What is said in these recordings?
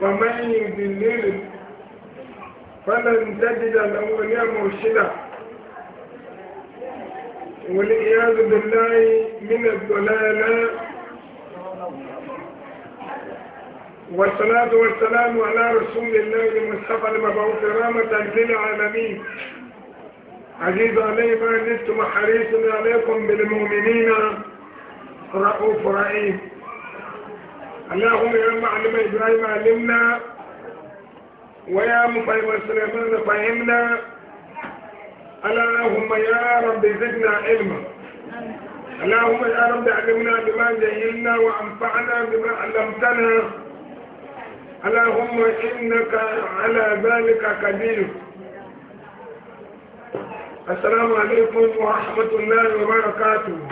ومن يذلل فلن تجد له وليا مرشدا والعياذ بالله من الضلال والصلاة والسلام على رسول الله المصطفى المبعوث رحمة للعالمين عزيز علي ما نتم حريص عليكم بالمؤمنين رؤوف رحيم اللهم يا معلم إبراهيم علمنا ويا مفهم سليمان فهمنا اللهم يا رب زدنا علما اللهم يا رب علمنا بما جهلنا وانفعنا بما علمتنا اللهم انك على ذلك قدير السلام عليكم ورحمه الله وبركاته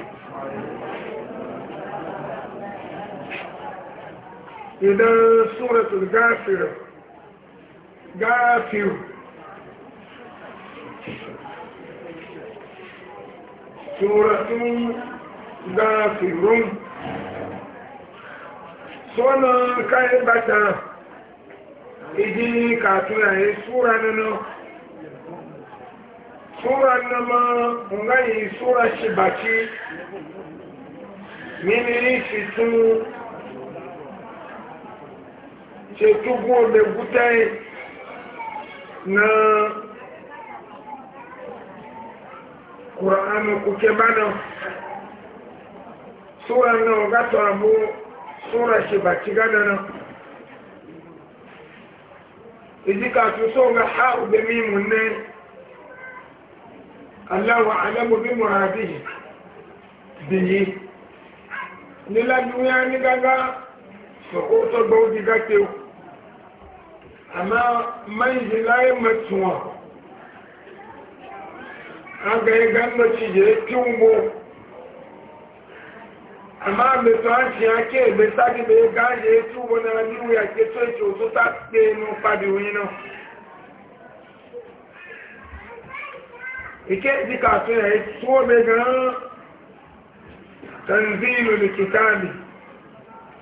idan suratul gafir gafir suratun gafirun sọ́nà káyé bàtà ìdí kàtún àyè súra nínú súra nínú ma ǹgáyì súra ṣe bàtí nínú ìfìtún ce tubo da gutai na ƙura'anu kuke bana sura na gato abu sura shi ba ci gada nan izika su so ga ha'u da mimun ne allahu alamu bi muradihi biyi ni la duniya ni gaga so ko to gbau diga tewu amma man shi layin matuwa aga yi gambaci da ya tungo amma mai tuwanci ya ke mai sadi da ya gaje ya tubo na niwu ya ke so ce otu ta tsaye nun fadi wani nan ike ji kasu ya yi tuwo mai ganin tanzilu likitani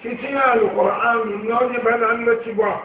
cikin alkur'an na wani bana an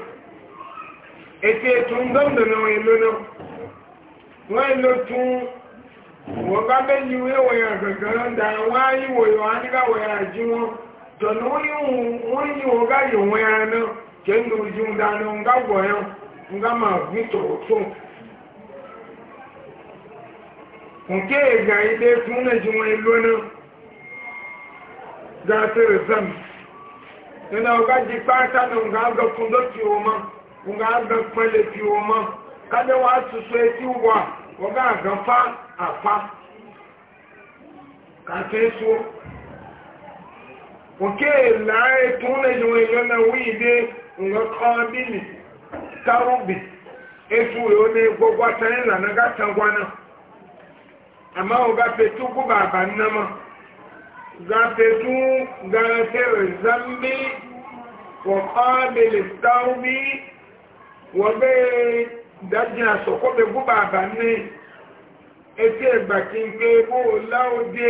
ete tun gando na wọn lona wọn lo tun wọn bá bẹ yi wọn wọn yi wọn yi wọn náà jẹ́ nù jí dáná wọn gá wọ̀ yàn wọn gá máa gbé tó. nke e ga ilé jí sẹ́mi nínú ọgá jí pátá náà gá nga ga kpele fi wo ma kada wa susu eti wa wa ga fa afa ka te so o ke la e tun e na wi de nga qabili karubi etu yo e ne gbogbo atan e la na ga tan na ama o ga pe tu ku baba na ga pe ga te zambi wa qabili tawbi wọ́n bẹ́ dájí àsọ̀kọ́ bẹ gún bàbá ní etí ẹgbà kí n gbé bó láòdé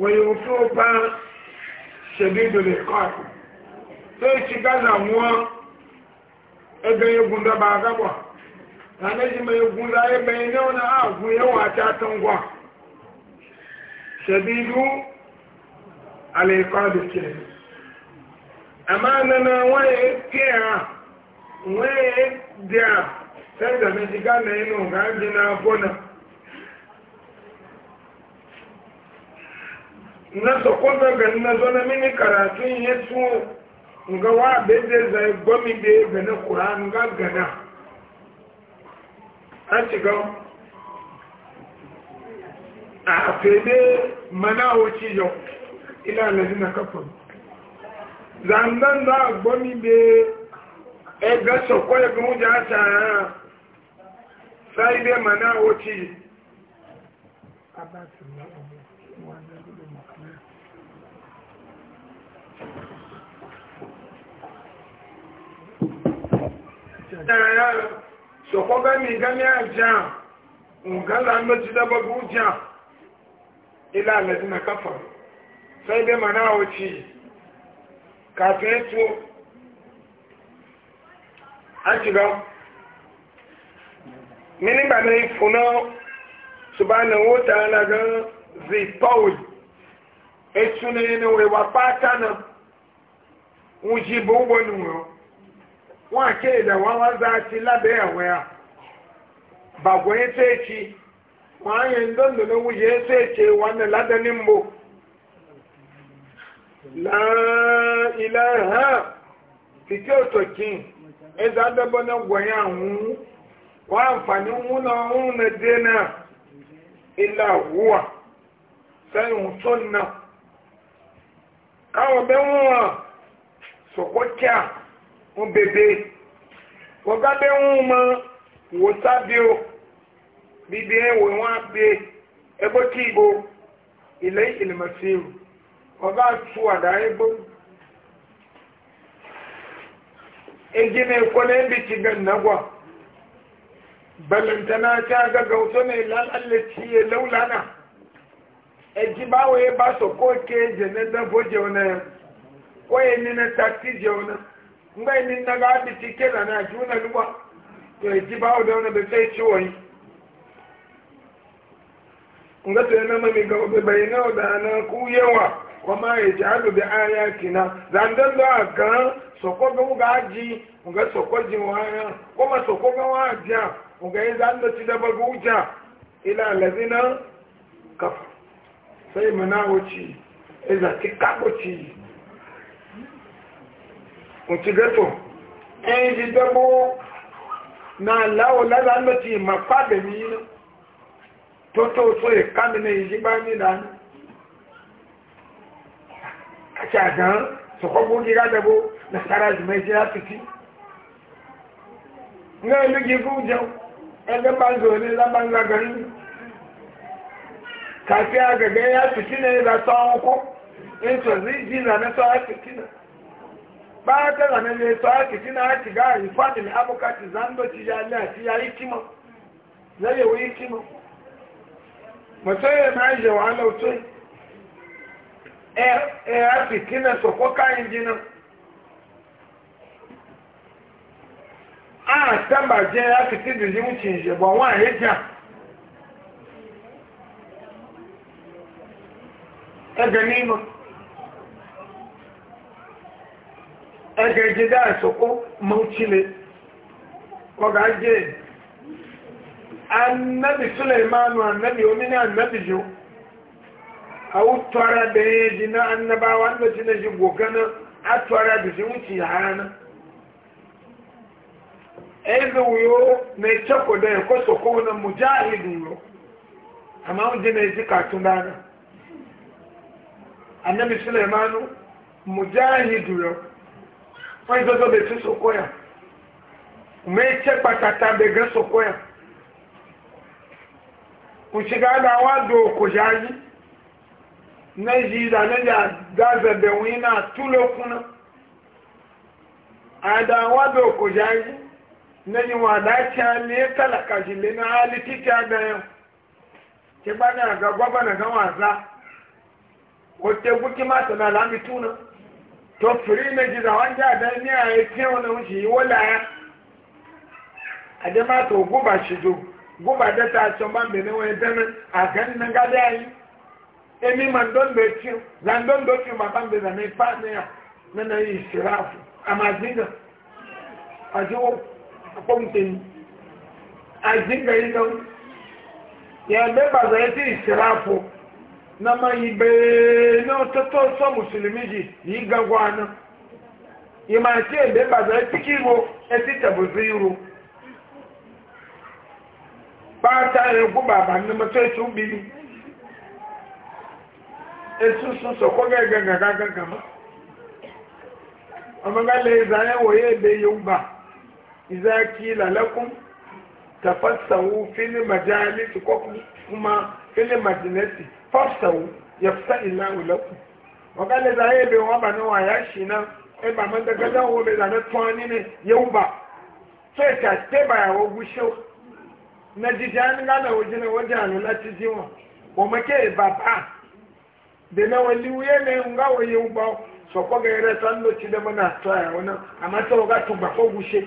wọ̀nyìn tó bá ṣẹ̀bí ìdòlè kọ́ọ̀tù tó ìṣí gáza wọ́n ẹgbẹ́ egun dọ́bà agábọ̀ lánàjímọ̀ egun dá ẹgbẹ́ iná náà nana wọ́n yẹ kí ẹ̀ràn nwee dị a senda mejika na ịnụ ga dị n'afọ na na sokoto ga na zo na mini karatu ihe su nga wa bede zai gomi da ya gana kuran nga gana a shiga a fede mana wuce yau ila na kafin zandan za a gomi da ẹgbẹ́ sọ̀kọ́ ẹgbẹ́ oúnjẹ àtàrà sáyidé màná òtí sọ̀kọ́ gẹ́mì gẹ́mì àjá ǹkan lánà ti dábọ́gbọ́ jà ilá àlẹ́dínà káfà sáyidé màná òtí kàfẹ́ tó ajiga mini ni ne funa subhanahu wa na ga zi paul etune ne we wa pata na uji bo wonu ro wa ke da wa wa za ti labe awe a ba go ete chi wa ye ndondo no uje ete chi wa na lada ni mbo la ilaha fiti otokin eza dabo na gwaya hu wa amfani hu na hu na dena ila huwa sai mutum na kawo bẹ wọn sokotia wọn bebe wọn ga bẹ wọn ma wò sábio bíbí ẹ wọn abẹ ẹgbẹ tí ibo ilẹ ìlẹmọsí wọn bá tu àdá egi ne kwale biki gan nagwa balantana ta ga gauto ne lalallaci ya laulana egi bawo ya ba so ko ke je ne da boje wona ko ye ni na takti je wona ngai ni na ga biki ke na na juna luwa to egi bawo da wona be sai ciwo yi ngato yana mami ga obe bayina da na ku yawa wama ya ji alu bi aya kina zandan da a gan soko ga wuga aji nga soko ji waya kuma soko ga wajiya nga yi zanda ci da baga wuja ila lazina kafa sai mana wuce iza ti kabo ci kun ci gato en ji dabo na lawo la zanda ci mafa da ni to to so ya kamina yi ji ba ni da ni ṣàgán sọ̀kọ́gbó gíga dẹ̀bó nàkàrà jùmọ̀ ìṣẹ́ àtìtì ní ẹlú gígú jẹun ẹgbẹ́ báńgà òní lábáńgà gẹ̀rí kàfí agẹ̀gẹ́ àtìtì náà ìlà tọ́ ọkọ́ a na ya ya mọ̀tọ́ yẹ̀ máa yẹ̀ wàhálà òtó yìí ya fitina su ko kayan a tamba je ya fiti da zimucin shi ba wa ya ja ta ganima ta gaji A su ko maucile ko gaje annabi suleimanu annabi omini annabi jiwu hautara da ya ji na annabawa wanda ci na shi gogana a tara da shi wuce hana ezi wuyo na cako da ya kwaso kowane mujahidin yau amma wuje na ji katun dana annabi sulaimanu mujahidu yau wani ya. bai ci sokoya mai ce patata bai ya. sokoya kun ga na, wa do ku jaji na ji da na ja gaza da na tulo kuna a da wado ko jayi na ji wa dacha ne talaka shi le na haliti ta da yau ke ba na ga gwaba na ga wasa te guki ma na lami tuna to firi na ji da wanda da ni a yi tewa na wuce yi wala ya a da to guba shi do guba da ta can ban bene wani dana a ganin na gada yi emi ma ndon be ti la ndon do ti ma bambe na ne pa ne ya na na yi sirafu amazinga ajo ko mtin azinga yi don ya be ba za e ti sirafu na ma yi be na to so muslimi ji yi gagwana yi ma ti e be ba za ti kiwo e ti e tabuziru ta e ku baba ni mo to ti ubili esu sun soko gangan gangan gangan ma amma ga le zaya waye be yuba idza fili lakum tafassahu fil majalis kuma fil majlisi fasahu yafsa illahu lakum wa ga le zaya be wa banu wa yashi na e ba man daga zan wo be zana twani ne yuba sai ta te ba wo gusho na jijani ga na wajina wajana lati jiwa wa make baba da na wali wuye ne nga waye uba so ko ga yare san do ci da mana tsaya wannan amma to ga tu ba ko gushe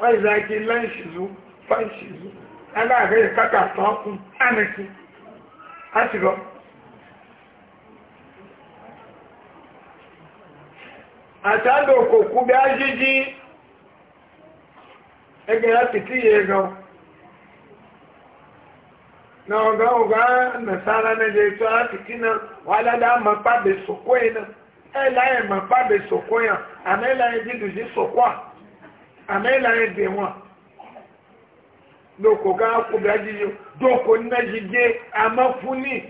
wai zaki lan shi zu fan shi zu ala ga ka ta ta ku anaki asigo atando ko ku ajiji ege ya titi ye gan na ọ̀gá ọ̀gá nàṣàrà náà lè tó àtìkí náà wà ládà á máa pàbẹ sòkó yìí náà ẹ̀ láyẹ̀ máa pàbẹ sòkó yàn àmì láyẹ̀ dídùn sí sòkó à àmì láyẹ̀ dè wọn. dòkò gá kóbíà jíjọ dòkò náà jí gé àmọ́ fún ní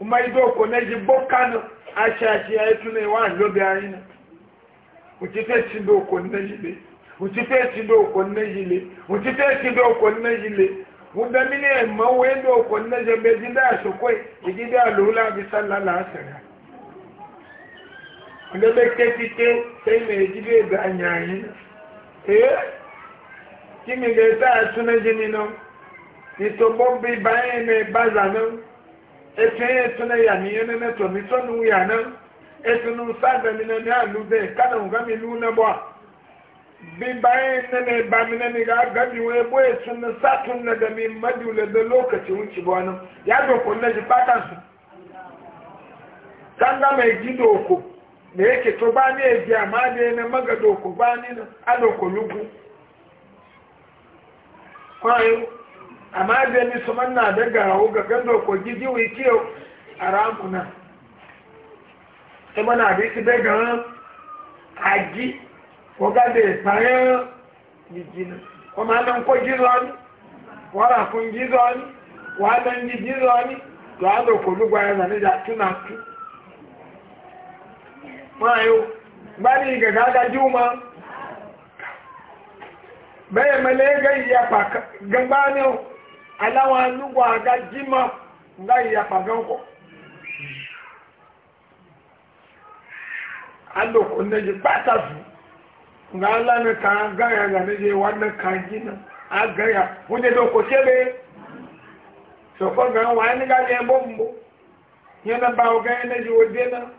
ọmọ yìí dòkò náà jí bó kánú àṣà àti àyètú náà wà lóbi ayé náà òtítẹ́ sí dòkò náà jí lé òtítẹ́ sí dòkò náà jí lé òtítẹ́ sí dòkò náà lé wanda mini emman wendo okon na jambe jida su kwai jida lula bi sallala asara wanda bai kekike sai mai jibe ga anyayi eh kimi ga ta suna jini nan ito bombi bayan mai baza nan etu ya tuna ya ni yana na to e mi tonu ya nan etu nun sada mi na ni alu zai kana ngami luna ba bi bayan na ne ba mi na ne ga gami wai boye sun na satun na da min madula da lokaci wuce ba wani ya doko na ji fatan su kan ga mai ji doko da yake to ba ne ya ji amma da yana maga doko ba ni na a doko kwayo amma da ni su manna da gawo ga gan doko gidi wai kiyo a ramuna ta mana da isi bai ọgáde ìsànyẹ́ jìjìnà ọmọ anáńkó jízọ ní wọ́rà fún jízọ ní wàhálà ń jí jízọ ní lọ́wọ́dọ̀ kò lúgbà ẹ̀ nàníjà túnà tú máa yóò bá ní ìgàgà agájú ma bẹ́ẹ̀ mẹ́lẹ́ gẹ́ ìyapa gbẹ́gbá ní o aláwọn alúgbà agájí ma ńlá ìyapa gánkọ̀ alòkò nẹ́jì pátá fún nga ala ne ka gaya nga ne je wa ne ka jina a gaya wunde do ko chebe so ko ga wa ne ga ne bombo yana ba o ga ne je wode na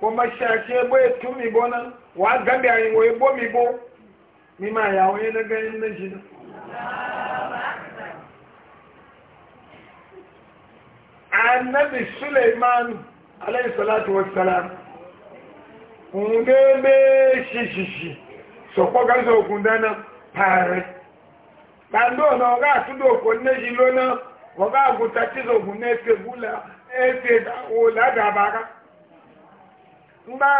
ko ma sha che bo e tu mi bona wa ga bi ayi wo e bo mi bo mi ma ya o ne ga ne jina annabi suleiman alayhi salatu wassalam nge be shishishi sọ̀pọ̀ gárísà ogun dáná pààrẹ pàndó ọ̀nà ọ̀gá àtúndò òkò méjì lóná ọ̀gá àgùntà tíṣà ogun náà ṣe búlá ẹ̀ṣẹ̀ wò ládàbára ńgbà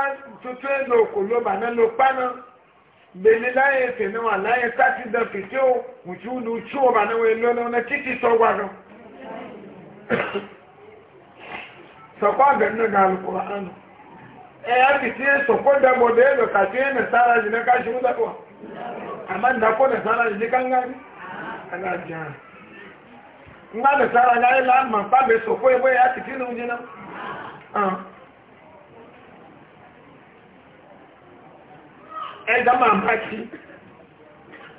tuntun ẹ̀nà òkò ló bà náà ló páná bèlè láyé ẹ̀ṣẹ̀ náà wà láyé sáti dán fìtí ó mùtí ó lu tí ó náà wọ ẹlọ́nà ọ̀nà títí sọ́gbà lọ. sọ̀pọ̀ àgbẹ̀ náà gà Eh, ya fice su ko da bodo ya na tsara ji na kashi wuta kuwa amma da ko da tsara ji kan gani nga da tsara ga ila an man fabe so ko ebe ya fice na dama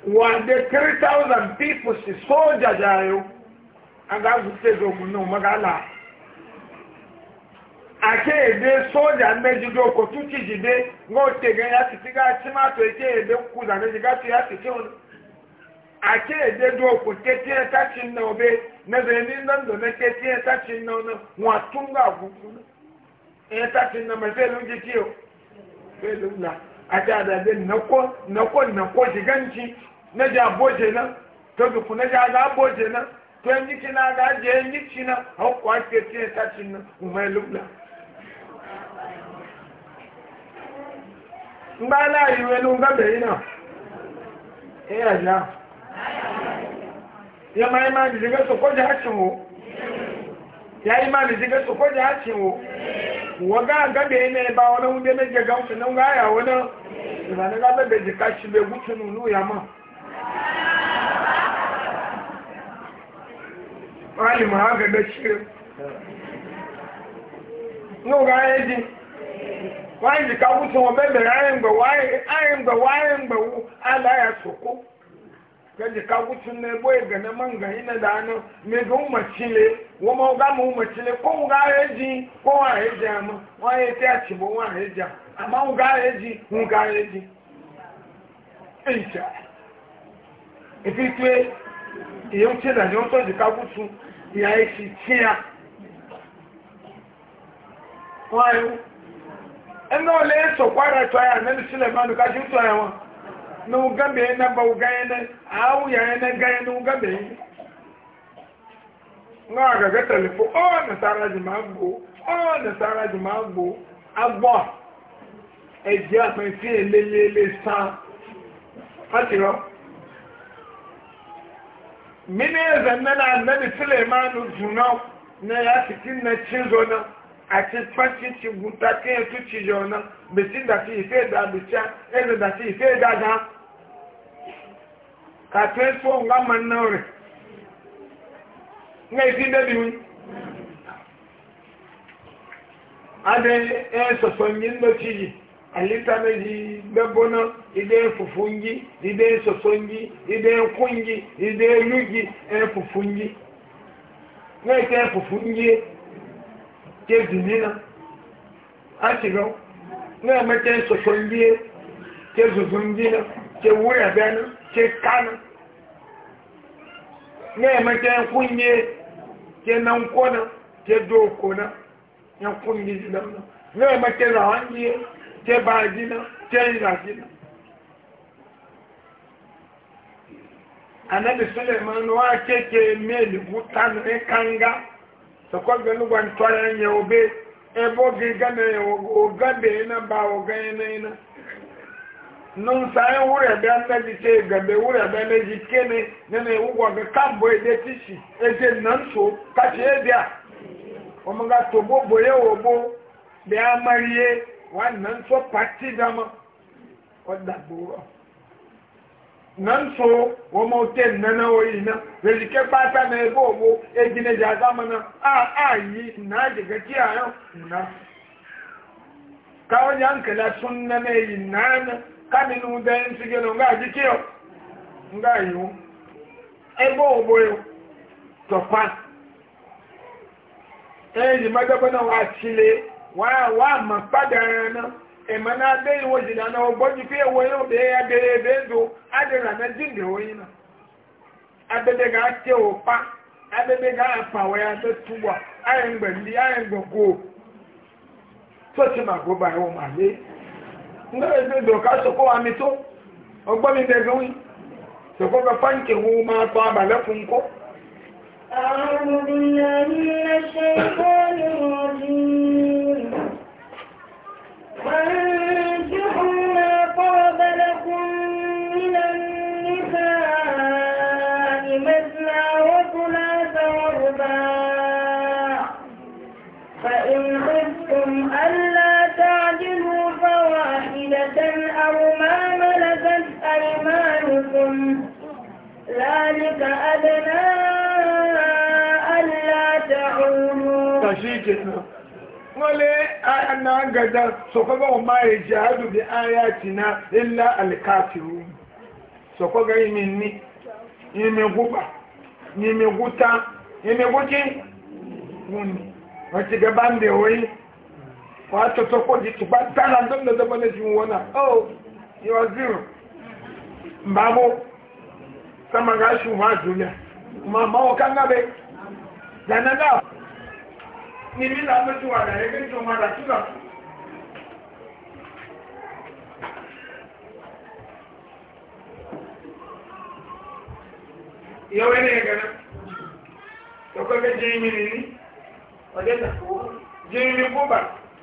3000 people si soja jayo aga azu stage ogun magala akede soja mmejudo kotu kijide ngotege yasikiga chimato ekede kukuza nejigato yasikyon akede do okutetie tachinna obe nezeninda ndo netetie tachinna ono elu agukuna etachinna mazelungitiyo belula ati adade nako nako nako jiganchi neja abojena tobiku neja aga abojena to na aga na aje enyikina haukwatietie elu umelula ńgbá láàrin ìwé ló náà ya ma imani zige sokoje ya imani zige sokoje hacin wo waga gabe ne na je gamsu nan ga ya wani bebe jika shi ya ma ma wáyé nìka wúti wọn bẹ́ẹ̀ bẹ̀rẹ̀ ayé ńgbẹ̀ wáyé ayé ńgbẹ̀ wáyé ńgbẹ̀ wú aláya sòkó kẹ́ nìka wúti ní ebó ìgànnà mọ́ ńgà yín náà dáná mẹ́gà ń mọ̀ tílé wọ́n mọ̀ ọ́gá mọ̀ ń mọ̀ kó ayé kó ayé a tì bọ́ ayé ayé ayé pé ẹnna ọlẹ́ sọ̀kwara ẹ̀tọ́ ayé ànẹ́bí sílẹ̀ máa nùkà sí ìtọ́ ẹ̀wọ̀n ní wọ́n na náà bá wọ́n gáyẹn náà àáwù yẹn náà gáyẹn ní wọ́n gábẹ̀ yẹn. ń jù máa ọ́ jù máa agbọ́ ẹ̀jẹ̀ sàn rọ. náà sílẹ̀ máa jù náà ní àti pàṣẹ ti gùtà kí ẹ tún ti yọ ọ̀nà bèsì dàtí ìfẹ́ ìdá àbìsíà ẹ̀rọ dàtí ìfẹ́ ìdá àdá kàtó ẹ̀fọ́ ńlá máa ná rẹ̀ ní èsì débi ade adé ẹ sọ̀sọ̀ yín ti yìí àlítà méjì gbẹ́bọ́ná ìdé fùfú ń yí nyi sọ̀sọ̀ ń nyi ìdé kún nyi. ke zunina a shiga na mace sokon biye ke zuzun gina ke wuya biyana ke kana na mace kunye ke nan kona ke dokona ya kunye zidan na mace zawon biye ke ba gina ke ira gina anabi suleiman wa keke meli butanu kanga sokɔgbe nugba ntɔ ya nye wo be ebo ge gana ya wo na mba ba wo ga ina ina nunsa ya wuri ebe anaji te gabe wuri ebe anaji kene na ewu gwa ge kambo ede tishi eze na nso kachi ebia omuga tobo boye wo bo be amariye wa na nso pati dama ɔda gbowó. nan so wo motel nana na ina veli ke na ebe wo e gine ja na a a yi na a yo na ka onye nkele kala sunna na na anya ka ni nu da en sige no ga nga yi ebe ego wo e yo to pa e na wa chile wa wa ma ema na abe iwo jira na ogboji fi ewo yo ya bere ebe do adira na jinde oyina abebe ga ate opa abebe ga apa wo ya to tugwa ayen gbe ndi ayen gogo ti ma go ba ma le ebe do ka so ko wa to ogbo mi gwi ma fun ko أعوذ أمانة أو ما ملكت أيمانكم ذلك أدنى ألا تعولوا تشيكنا wale ayan na gada sokoga wa mai jihadu bi ayatina illa alkafiru sokoga yimi ni yimi guba yimi guta yimi guti wuni wacce gaban da wai wọ́n á tọ́tọ́ kó di tùpá dára ńdọ́ndọ́dọ́gbọ́n lè ju wọn náà ó yọ zero mbàbó sàmàgà ṣù wọn àjòyà màmá wọn ká ngábẹ dànàdà níbi làwọn tó wà láyé kí n tó máa rà sílọ. ìyàwó ẹni ẹ̀gẹ̀ náà jẹ́ ìmìnì ọ̀dẹ́ta jẹ́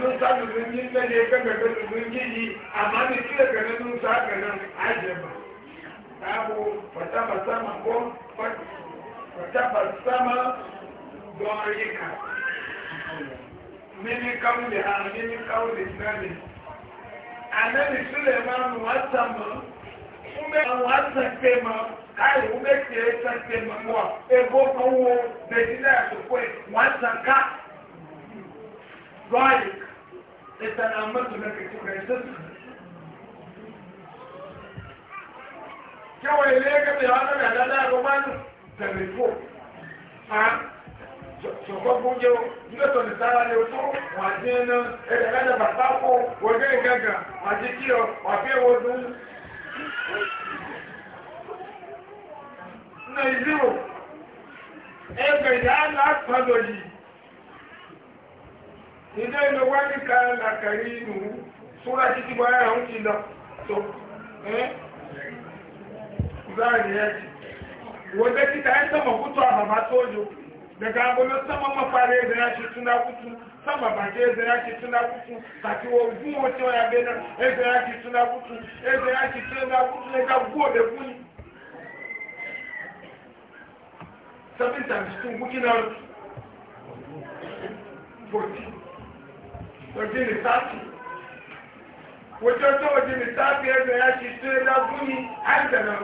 nusa dudu nyi sɛdeɛ kɛkɛkɛ dudu nyi yi ama ne tire kɛnɛ nusa kɛnɛ ayɛ ma kaabu pata pata ma bɔ pata pata ma dɔn yi ka mimi kaw de ha mimi kaw de sira de ana ne sule ma nu asa ma ume ma nu asa ke ma kaayi ume tie asa ke ma wa ebo kan wo bɛti na yasɔ koe wa asa ka dɔn yi استنعمت لك كيف kawai ne ka tsaye wani da dada ga wani da rifo a shugabbun yau inda to nisara ne wato waje nan ɗaya ɗaya ba sako waje gaga waje kiyo wafe wazo na iziro ɗaya ga ya na kwallo yi ǹjẹ́ ìlú wani ka làkàrí ìlú fúnra títí bá yà ń ti lọ tó láàrin ẹ̀jì wọ́n jẹ́ títà ẹ́ sọ́mọ̀ kútó àbàbà tó ka daga sama mafare ya ce tuna kutu sama baje ya ce tuna kutu wo wo ya bena e ya kutu e kutu ga go da gun seven times 14 òjì ní sáàkì wòjọ́ tó òjì ní sáàkì ẹgbẹ̀ ya ṣe tó ẹlá fún ní àìdànà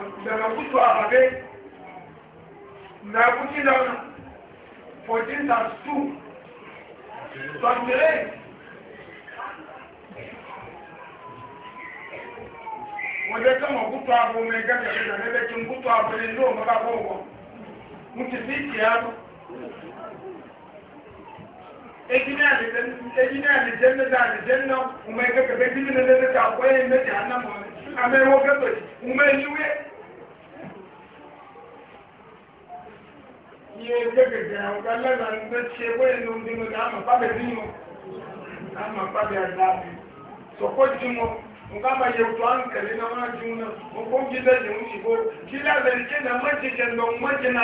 kútó àbàbẹ́ nàkútí lọ́nà 14,2 tọ́tẹ̀rẹ́ wòjọ́ tó mọ̀ kútó àbò mẹ́gàmẹ́gàmẹ́gàmẹ́gàmẹ́ ejina alijanna da alijanna kuma ga gaba jini na da ta kwaye na a mai wakar da kuma yi we ga gaga wakalla na na ce kwaye na da ama fabe jini mu ama fabe an kale na ma jini na da ke na ma ke na ma je na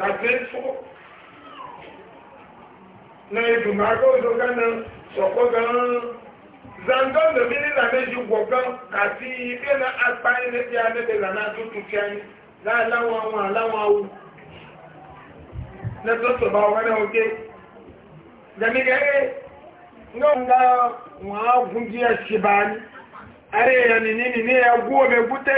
kàfẹ́ fọ́. na ìdùnnú akóso gánà sọ̀kọ́ gan-an zandọ́ndọ̀ mi nílà méjì wọ̀ gan kàti ilé na apá ilé bí abẹ́bẹ̀ lànà tútù kí ayé láàláwọn àwọn àláwọn awu lẹ́tọ́tọ̀ bá wọn náà ọdẹ jẹ́mígẹ́rẹ́ náà ń dá wọn á gún díẹ̀ sí báyìí arẹ́yẹ̀ nìní nìní ẹgbú omi gúté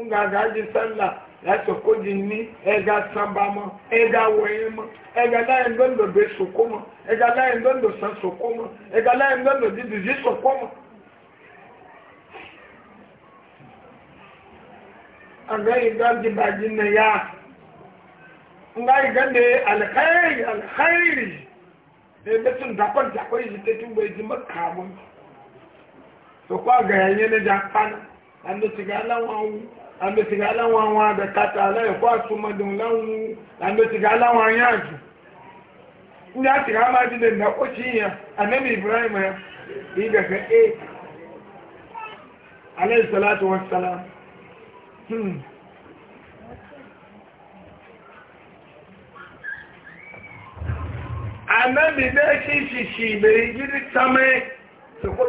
ń gàgà jí sẹ́ńlá yasoko di ni ɛga samba ma ɛga wɔye ma ɛga la yɛ ŋdɔndɔ be soko ma ɛga la yɛ ŋdɔndɔ san soko ma ɛga la yɛ ŋdɔndɔ di dizi aga yi ga di baji na ya nga yi ga de alkhairi alkhairi ebe tun dakon dakon yi te tun bai di ma kaamu soko aga yɛ nyɛ ne ja kana ando tiga ala wa wu. àmẹ́sìgá láwọn àwọn àbẹ̀kátà aláìkọ́ àtúmọ̀dùn láwọn àmẹ́sìgá láwọn ayáàjù ní àtìgá máa jílẹ̀ ìdákọ́sí yẹn anẹ́bì ibrahim ẹ̀ ìgbẹ̀fẹ́ a aláìsọ́láti wọn sálá anẹ́bì bẹ́ẹ̀ sí ṣìṣì ìbẹ̀rẹ̀ jírí sámẹ́ sọ́kọ́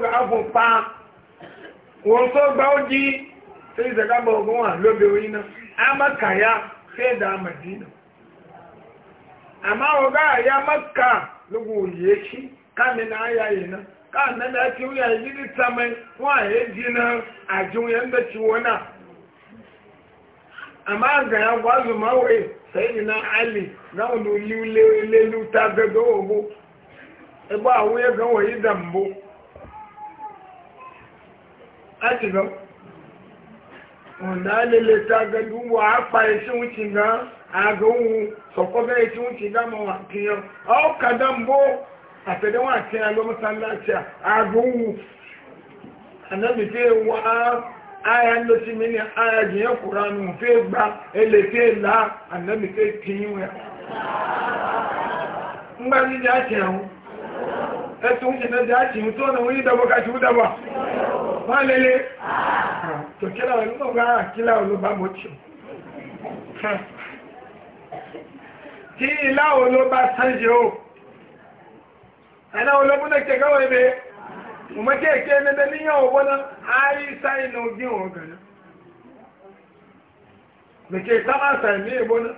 sai zaga ba ogun lobe wani nan amaka ya sai da madina amma oga ya maka lugu ye shi kame na aya yi nan ka nan da ci wuya yi gidi samai wa ya ji nan a jin yadda ci wana amma ga ya gwazu mawai sai na ali na wani lelu ta gado ogo ebe a wuya ga wayi e dambo a ci gaba ọ̀nà lẹ́lẹ́ta gẹ̀lú wọ apá ẹ̀ṣẹ́ oúnjẹ náà àgọ́wò sọ̀kọ́bẹ̀ ẹ̀ṣẹ́ oúnjẹ dámọ̀ wà kí yọ ọ́kàdá mbó àtẹ̀dẹ́wọ̀n àti alọ́mọ́sáńláṣà àgọ́wò anábìtẹ́ wà áyà ń lọ sí mi ní áyà jìyàn kúrò ànú fẹ́ gba ẹlẹ́fẹ́ là ba lele to kila wani ba ba kila wani ba mocho ti ila wani ba sanje o ana wani bu na ke gawa ne kuma ke ke ne da niyan obo na ayi sai na ogin ogana da ke sama sai ne ebo na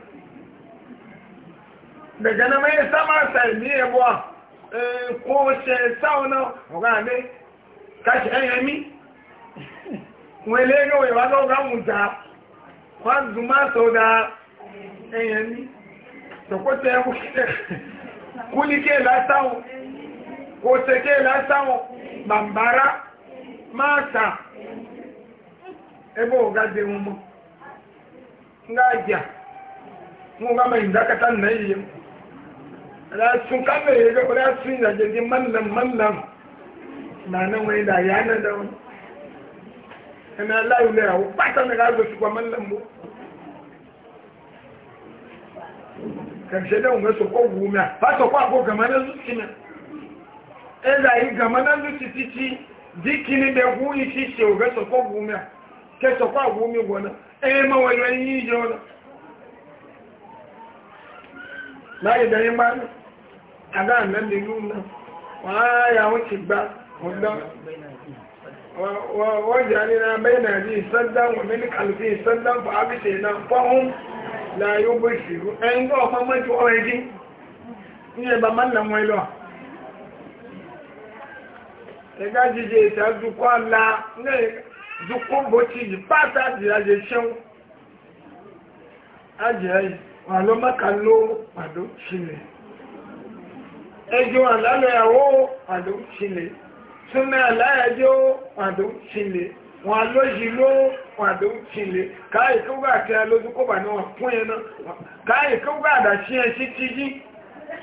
da jana mai sama sai ne ebo a ko se sauna ọ̀gá mi káṣẹ̀ ẹ̀yẹmí wọn ilé yóò yẹ wá lọ́wọ́ ráhùn dá wọ́n dùn máa sọ dá ẹ̀yẹn ní tòkótẹ́ kúlíkẹ́ lásáwọn kò tẹ́kẹ́ lásáwọn bàmbára máa tà ẹgbẹ́ ọ̀gá jẹun mọ́ ńlá ìjà wọn bá máa ìdákatá nà yìí rasun kamar ya ga rasun da jirgin mallam mallam na nan wani da yanar ina layu na yawo fatan da gaba shugaban lambu karshe da unga so ko gumya fata ko ko gama na zuci na e da yi gama na zuci titi dikini da guyi shi ce unga so ko gumya ke so ko gumi gona e ma wajen yi jona na idan yi ma a ga nan da yi nuna wa ya wuce ba wanda وجعلنا بين هذه سدا ومن خلفه سدا فأغشينا فهم لا يبصرون ẹ̀yìn tó ọ̀fọ́ mọ́jú ọ̀rẹ́ jí ní ẹ̀bà máa ń nà wọ́n lọ ẹ̀gá jíjẹ ìta dúkọ́ la ní dúkọ́ bó ti yìí pátá jìyàjẹ ṣẹ́wọ́n ajẹ́ yìí wà ló mọ́ka ló pàdó sílẹ̀ ẹjọ́ àlálẹ̀ àwọ́ pàdó sílẹ̀ súnmọ́ aláyájọ́ àdóhùn sílé wọn lóṣì ló wọn àdóhùn sílé káyì kó gbà tí a lóṣù kó bà ní wọn fún ẹ náà káyì kó gbà àdàṣí ẹ sí títí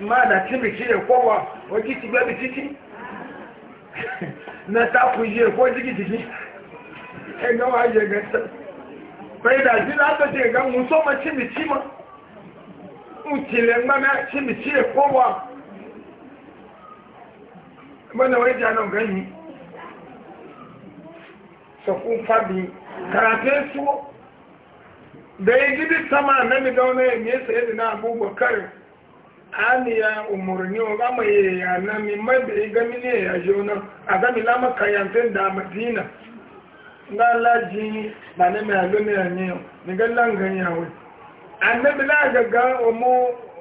máa dàtí bìtí rẹ̀ kó wà ojú ti gbẹ́bí títí nata kù yí ẹ̀kọ́ jìgìjìgì ẹgbẹ́ wa yẹ gẹ́sẹ̀ pẹ̀lú àti látọ̀jẹ̀ ẹ̀gá mú sọ́mọ tí bìtí mọ́ ń tilẹ̀ ń gbá mẹ́ tí bìtí mana wani jana gani su ku fabi karate su da ya gidi sama na mi dauna ya ne sai da na abubakar aniya umarni o gama ya ya na mi mai da ya gami ne ya ji wani a gami lama kayantin da madina na laji ba na mai halu ne ya ne yau ni gani langan yawon annabi la gaga omo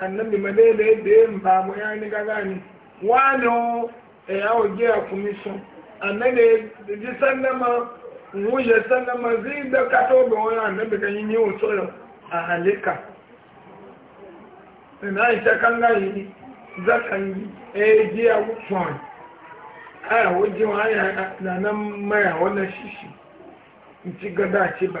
annabi madele da yin ba mu ya ni gaga ni wani o e ya o je a kumi sun annabi ji sallama wuje sallama zai da ka ga wani annabi kan yin yiwu tsoro a halika ina ita kan gani zakan yi e je a wufon a yawo ji ya na nan maya wannan shishi in ci gada ci ba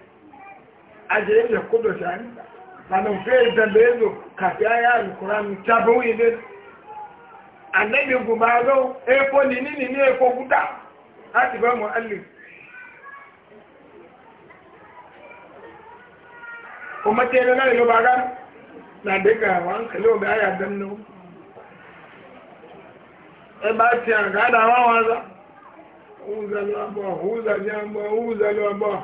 ajiye da kudu shani sanin fiye da da ya zo kafin ya yi alkurani ta bauyi ne annabi gumaro efo nini nini efo guda hati ba mu allif kuma tere na ilu bara na daga wankali obi aya dannu ebe ati a ga adawa waza huzalo abuwa huzalo abuwa huzalo abuwa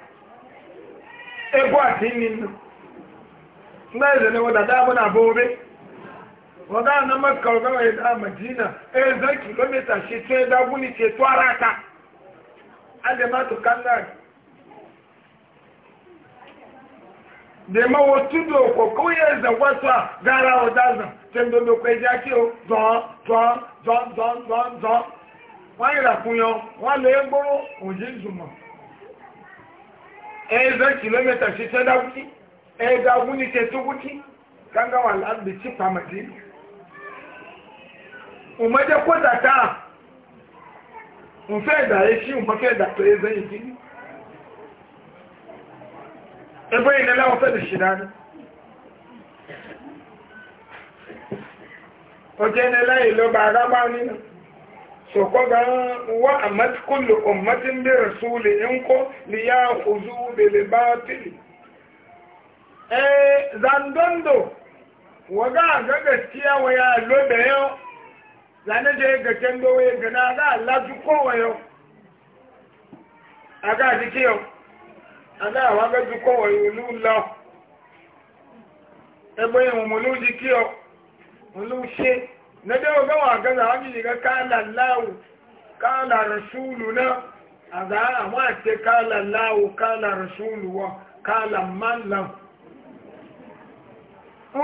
ebo ati ninu ngba eze ne wada da abu na bobe wada na madina eze kilomita shi to eda guni ce to arata ade ma to kanna gara odaza tembe do o zọọ zọọ zọọ zọọ zọọ zọọ wa ira kunyo nwanne ezan kilomita shi ta dauki e da guni ce tuguti kan ga wal ardi ci famati umaje ko da ta un fe da e shi un fe da to ezan yi e bai ne lawo ta da shi dan o je ne lai lo ba ga ba ni so ko ga wa amat kullu ummatin bi rasulin ko li ya khuzu bil batil eh zandondo waga ga gaskiya waya lobe yo zane je ga kendo ala ga na ga Allah ju ko wayo aga dikiyo aga wa ga ju ko wayo lullah ebe mu mulu dikiyo mulu she na dawo gawa gaza wani shiga kala lawu kala rasulu na a za a wace kala lawu kala rasulu wa kala mallam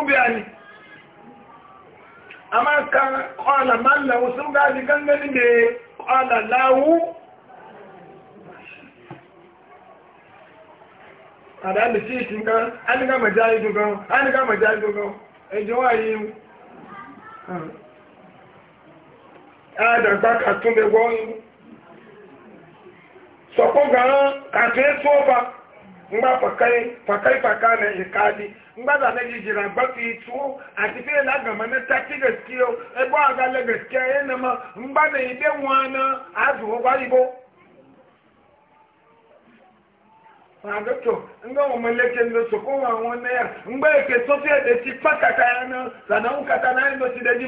ubiyani amma ka kala mallam sun gaji gangani da kala lawu a da da ce shi kan an gama jayi dogon an gama jayi dogon ejowa yi àdàgbà kàtún lè wọ́ inú sọ̀pọ̀ gan-an kàtún ètò ọba ngbà pàkàí nà ìkàdí ngbàdà nà yìí jìrà gbà fi àti fẹ́ lágàmà nà tàkì gàskí o ẹgbọ́ àgà lè gàskí nà mà ngbà nà ìdé wọn na àzùwò wá ibò. àgọ́tò wọn èké sọ́fíà ti pàkàtà yẹn na lànà ń kàtà náà ń lọ sí dẹ́jú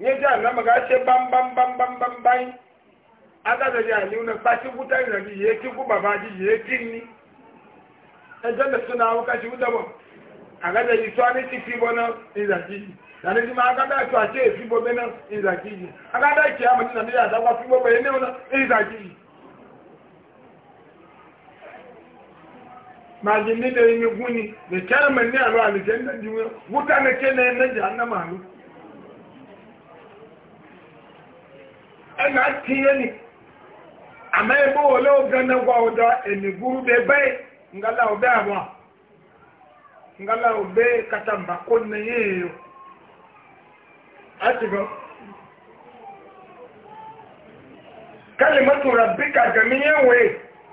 nye ji anama ga ce bam bam bam bam bam e aga da ji anyu na kwaci guta ina ji ye ki guba ba ji ye ki e na suna hawo kashi guda ba a da ti ma aga da to ace fi bo bena ina ji aga ki ya da fi bo be ne ona ina ji majin ni da yin guni da kyarman ne a ruwa da jannan jiwo wuta na ke na ẹ̀nà tiẹ̀ ni àmọ́ ẹgbẹ́ wo na gánà wà ọ̀dọ̀ ẹ̀nìgbúrú bẹ́ẹ̀ báyìí ọbẹ̀ àwọn ngala ọbẹ̀ katamba kó nìyí yìí àti gan. kalimatu rabbika gamiyan wee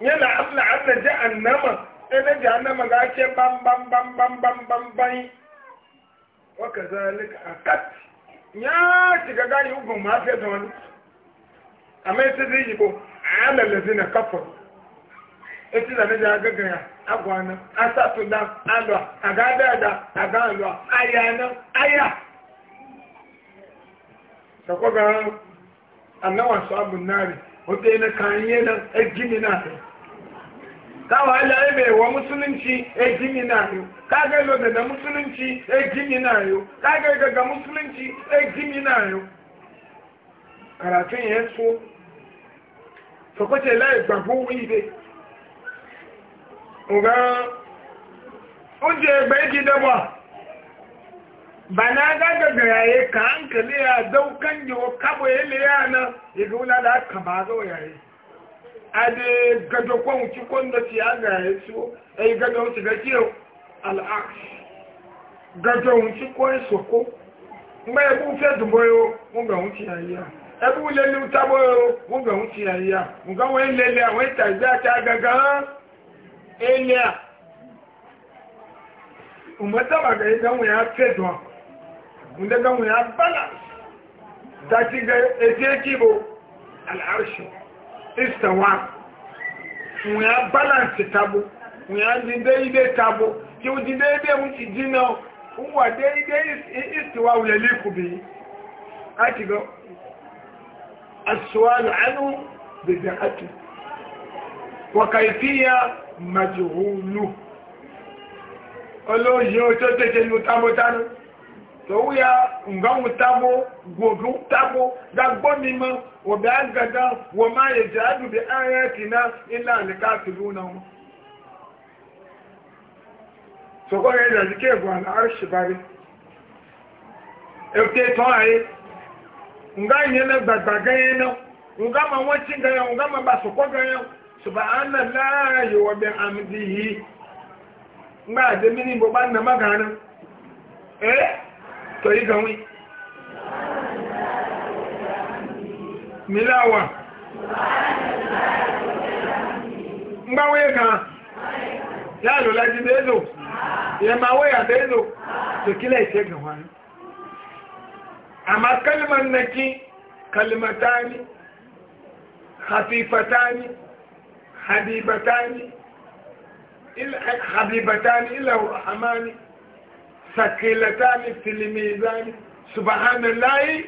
yana abla abla jẹ annama ebe jẹ annama ga ake bam bam bam bam bam bam bam wakazalika akat nyaa ti gaga yi ugun ma fi amma ita na yi ko ala lazina kafin asatọ da naji a aga ada aga agadada agalwa a aya da kwaga annawa su abun nari wata yana na nan ejimi na ta kawo ala ebe wa musulunci ejimi na yau kaga ilo daga musulunci ejimi na yau kaga daga musulunci ejimi na yau karatun ya so sọ̀kọ́tẹ̀ láì gbàgbọ́ wí ibẹ̀ ǹgán oúnjẹ ẹgbẹ̀ ìjì dẹ́bọ̀ bà náà dágbẹ̀gbẹ̀ ààyè àdọ́kànjẹ́ ọkábọ̀ ilẹ̀ yánà ìgbẹ̀ kàbàárọ̀ yàrá adé gẹ̀dọ̀ pọ̀hùn tí a gàrà sí ẹ̀yí gẹ̀dọ̀ ti ya al'aks a ẹbí wọ́n ta tábọ̀ wọ́n gbẹ̀ wọ́n ya ya, nǹkan wọ́n lẹ́lẹ́ àwọn ìta ìgbẹ́ àti agangan ẹlẹ́ à ọmọdébàgà ìgbẹ̀wọ̀n yà tẹ̀dọ̀ ọmọdébàgà yà bálà dàtí ẹgbẹ́ kíbo ga ìsìtàwà wọ́n yà bálà ti tábọ̀ wọ́n yà dídé ilé tábọ̀ tí ó dídé ilé wọ́n ti dínà wọ́n wà dé السؤال عنه بدعته وكيفية مجهوله olóòyìn oṣó tẹ́tẹ́ ní tábótánú tó ya ǹgáhùn tábó gbogbo tábó dágbó mímọ́ òbí àgàgà wọ máa yẹ jẹ́ àdùbí ààrẹ kìíná ilá àlẹ́ká tìlú náà sọkọ́ rẹ̀ ìrẹ̀lẹ́kẹ́ ìbọn àrẹ́ṣìbárí ẹ̀kẹ́ nga nyɛnɛ gbagba gɛyɛ na nga ma wɔnkyi gɛyɛ nga ma basokɔ gɛyɛ subahana laayi wɔ bɛ amdihi nga ademini bɔ ba nama gana ee tɔyi gawi milawa nga wɔyɛ gan yaalo la di dezo yɛma wɔyɛ adezo tokila ɛsɛ gawa no amma kalmar naki kalmatani hafifatani habibatani habibatani ilahu rahamani sakilatani filimizani subhanallahi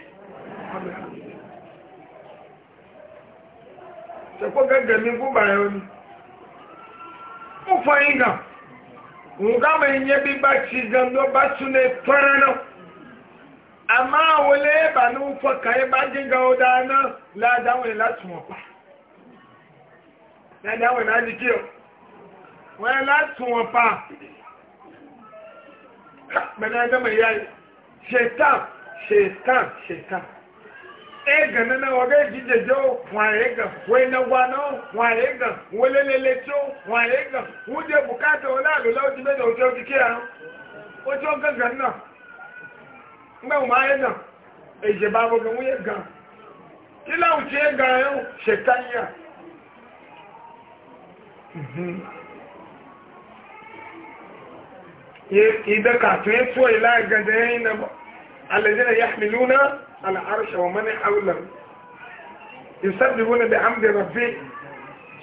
sẹ́kọ́ gẹ́gẹ̀mí fún bàyọ̀ ni ó fọ́ yínga nǹkan mọ̀ ìyẹ́ bí bá ti gan ló bá tún lè tọ́rẹ́ náà àmá wọlé ìbànú fọkà ibá jíga ọdá náà ládáwọn láti wọ̀n pa ládáwọn láti kí o wọ́n láti wọ̀n pa mẹ́rin adọ́mọ̀ ìyá ṣetán ṣetán ṣetán ẹgàn nínú ọgẹ́ ìdíje jẹ́ wọ́n àyẹ́gàn wọ́n iná wa náà wọ́n àyẹ́gàn wọ́n lélẹ́lẹ́ tí ó wọ́n àyẹ́gàn wọ́n jẹ́ bùkátà ọlá àlùlá ó ti mẹ́jọ ojú ọdún ńgbà wọn ayé náà èjè bá gbogbo wọn yé gan kí láwùjọ yé gan yẹn ṣètá yíyà إذا كاتوين سوى إلى قدين الذين يحملون على عرش ومن حوله يسبحون بحمد ربي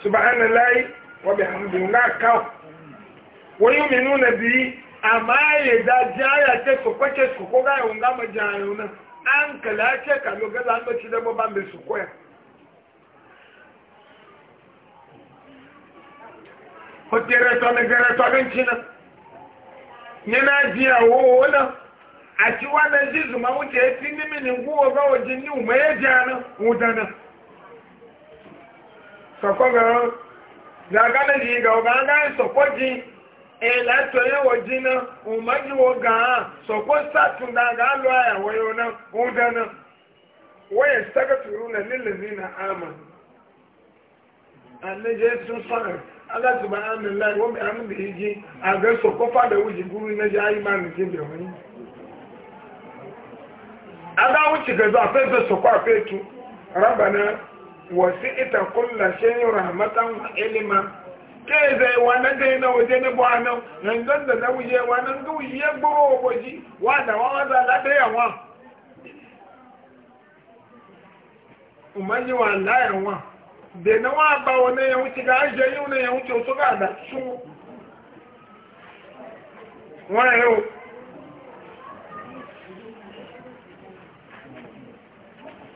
سبحان الله وبحمده لا كاف ويؤمنون به amma ya da jaya ce ko kwace su ko ga yawon gama jayo nan an kala ce ka lo gaza an bace da babban bai su koya hotere to ne gare to bin cina ne na jiya wo wona a ci wannan jizu ma wuce ya fi nimi ne guwa ga wajen yi umar ya ja nan wudana sakon ga zaganin ji ga wajen ji wọ to ya wajina umaji woga so ko satu da ga lo ya wayo na udana waye saka na lil ladina amanu annaje sun sana Allah subhanahu wa wa bi amri ji aga so ko fa da na ya imanu ji da aga wuci ga zo afa da so ko afa w'asi rabbana wasi'ta kullu shay'in rahmatan kai zai wannan kai na waje na bwana nan gan da na wuje wannan ga wuje gboro koji wanda wa za la da yawa umanyi wa la yawa de na wa ba wona ya wuce ga aje yau ne ya wuce so ga da su wa yau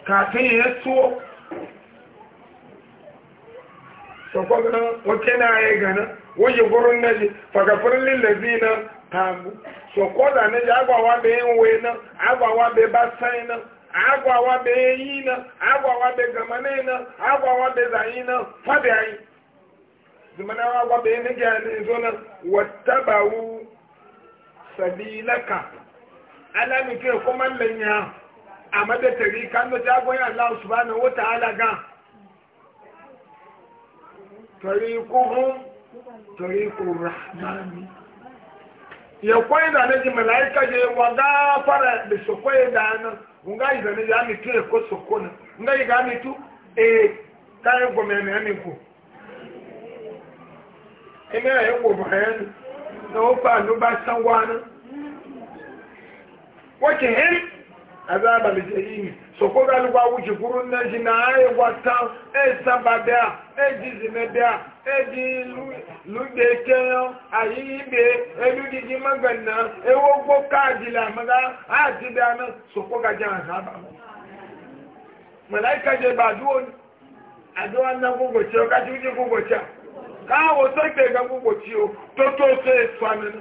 kafin ya sokogna wakena ye gana woje gorun naji fagafir lil ladina tabu sokoda ne agwa wa be na agwa wa be basaina agwa wa be yina agwa wa be gamanena agwa wa be zaina fabi ai zumana wa wa be ne gane zona wattabahu sabilaka ala mi ke kuma lanya amada tari kan da jagoya Allah subhanahu wa ta'ala ga طريقهم طريق الرحمن yakwai da na ji malaika je wanda fara da sokwai da nan nga yi da na ji amitu ya ko sokona nga yi ga amitu e kayan gome na yamin ku ime ya yi ko bayan na ofa nuba san wani wace hin azaba aljalimi sokoga lugwa wuce gurun na jina ayi wata e saba da e jizime da e ji lude keyan ayi ibe e ludi ji magana e wogbo kaadila maga a ti dana sokoga jan azaba malaika je ba duwo ni aduwa na gbogbo ci o kaji wuce gbogbo ci a kawo soke ga gbogbo ci o to to so esu amina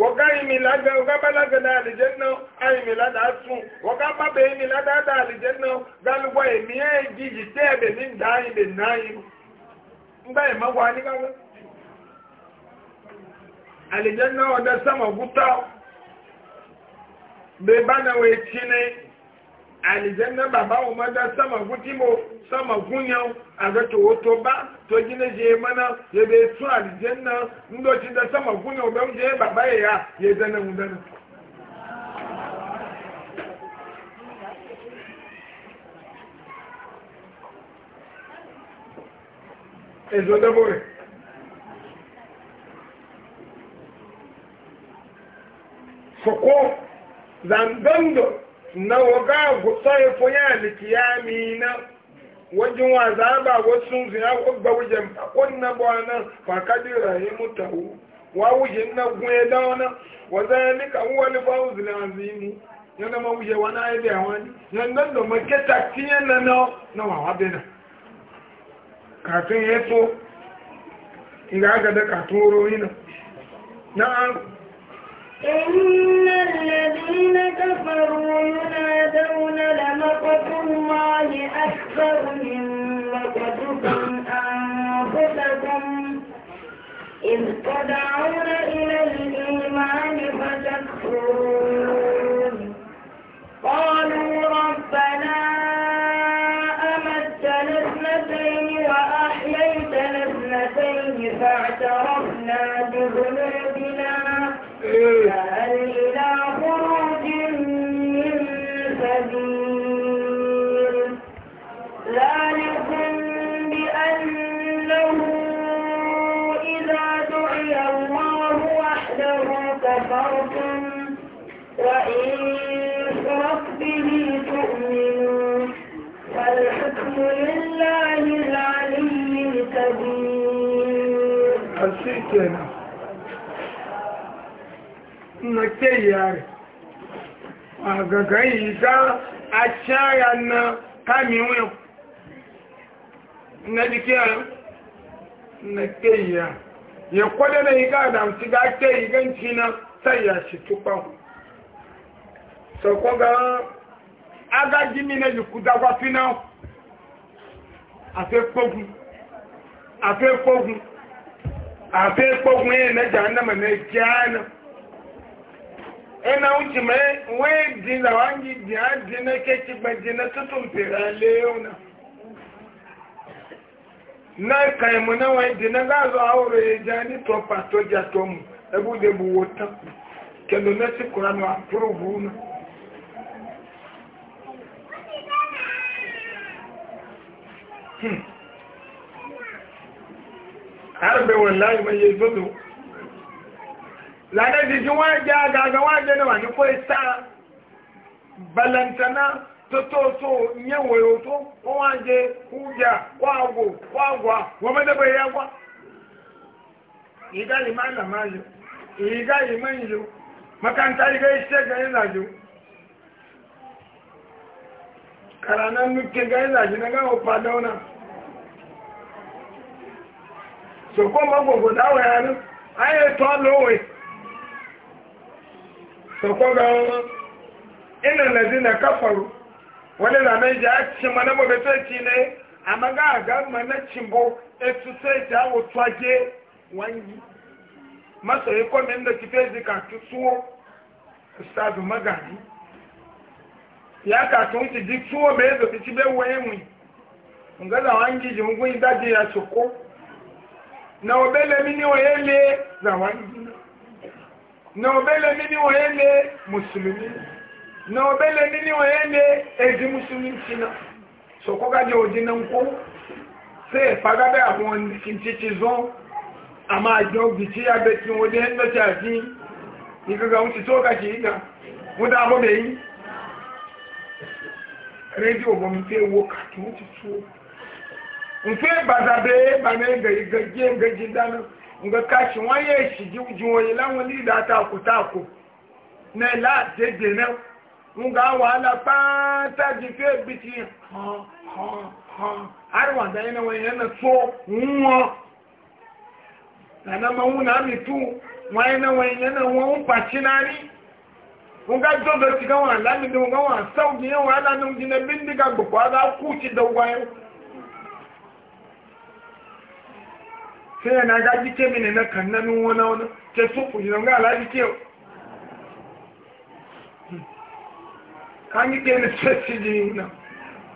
wọ́gá ìmìlàdà ọgábálágàdà àlìjẹ́ náà àìmìlàdà sùn wọ́gá bábẹ̀ ìmìlàdà àlìjẹ́ náà gbálùgbọ́ èmì ẹ̀jìjì tẹ́ ẹ̀bẹ̀ ní ìdáyìn lè náyìn ńgbà ìmọ̀wá nígbàgbọ́ àlìjẹ́ náà ọ̀dẹ́ sọ́mọ̀gútọ́ bẹ́ẹ̀ bá náà wọ́n ti ní alijanna baba wo mada sama gutimo sama gunyan aga to woto ba to gina je mana ye be tu alijanna ndo ti da sama gunyan be je baba ye ya ye dana mudana ezo dabore soko zandando na waga gusa ya funya likiyami na wajen wa zaba wasu zina gbogbo wajen akwai na bwana fakadira ya mutahu wa wujen na gwe dauna wa zalika huwa al-fawz al-azim ya zama wuje wani ya da wani yana da maketa tiyan na na na wa wabena kafin yato inga ga da katoro yana na'am إن الذين كفروا ينادون لمقت الله أكبر من مقتكم أنفسكم إذ تدعون إلى الإيمان فتكفرون قالوا ربنا أمتنا اثنتين وأحييتنا اثنتين فاعترفنا بذنوبنا فهل إلى خروج من سبيل ذلكم بأنه إذا دعي الله وحده كفرتم وإن يشرك به تؤمنوا فالحكم لله العلي الكبير na ke yare a gaga yi ta a ṣaya na kamiwe na ya na ke yare ya kwada na yi ga damci ga ke yi ganci na tsaya shi tupan sauko ga aga jimi na yiku dagwa final a fe kogun a fe kogun yi na jihannama na jihannama ina wuce mai wedi na wangi jihaji na keki gbaji na tutun fira leona na kaimu na wedi na gazo aure ya e ni to pato ja to mu ebu de bu wota kendo na si kuranu approve na har hmm. bai wallahi mai yi zozo lada jiji wa ja gaga wa je na ni ko ita balantana to to to nye wo yo to o wa je uja wa go wa gwa wo me de be ya gwa iga ma na mayo iga lima yo makanta iga ise ga ni lajo karana nuke ga ni lajo na ga o padona so ko magogo dawo ya ni aye to lowe tokoga o ina na kafaru wani na mai ji ake mana mabata ki ne a a ga mana etu sai ta wutu ake wani masa yi kome inda ki fe zika tutuwo magani ya ka tun ki ji tuwo bai zafi ci bai waye mu wangi ji mugun daji ya cikko na obele mini waye le na obele mini waende musulmi na obele mini waende ezi musulmi china so ko gaje oji nan ko se pagabe àwọn kinchichi zon ama ajo bichi ya be ti wode ndo ti aji igaga unti to ka ji iga muda bo be yi radio bo mi pe wo ka ti unti tu unfe bazabe ba me ga igaje nga kashi wọn yẹ ṣìjì jùwọ̀nyí láwọn lídà takùtakù na láàjẹ́jẹ́ náà nga wàhálà pátá jì fẹ́ bí ti hàn hàn hàn àríwá dáyé náà wọ́n yẹn náà tó wọ́n nana ma wọ́n náà mi tú wọ́n yẹn náà wọ́n yẹn náà wọ́n ń pàṣẹ náà rí nga dọ́dọ̀ ti gáwọn àlámi dùn gáwọn àṣàwùjì yẹn wàhálà nínú jìnnà bí ndí ká gbọ̀kọ̀ ti dọ̀wọ́ sai yana gaji ke mini na kannanin wani wani ke sufu yi zanga alaji ke kan yi ke ni sassi ji yi na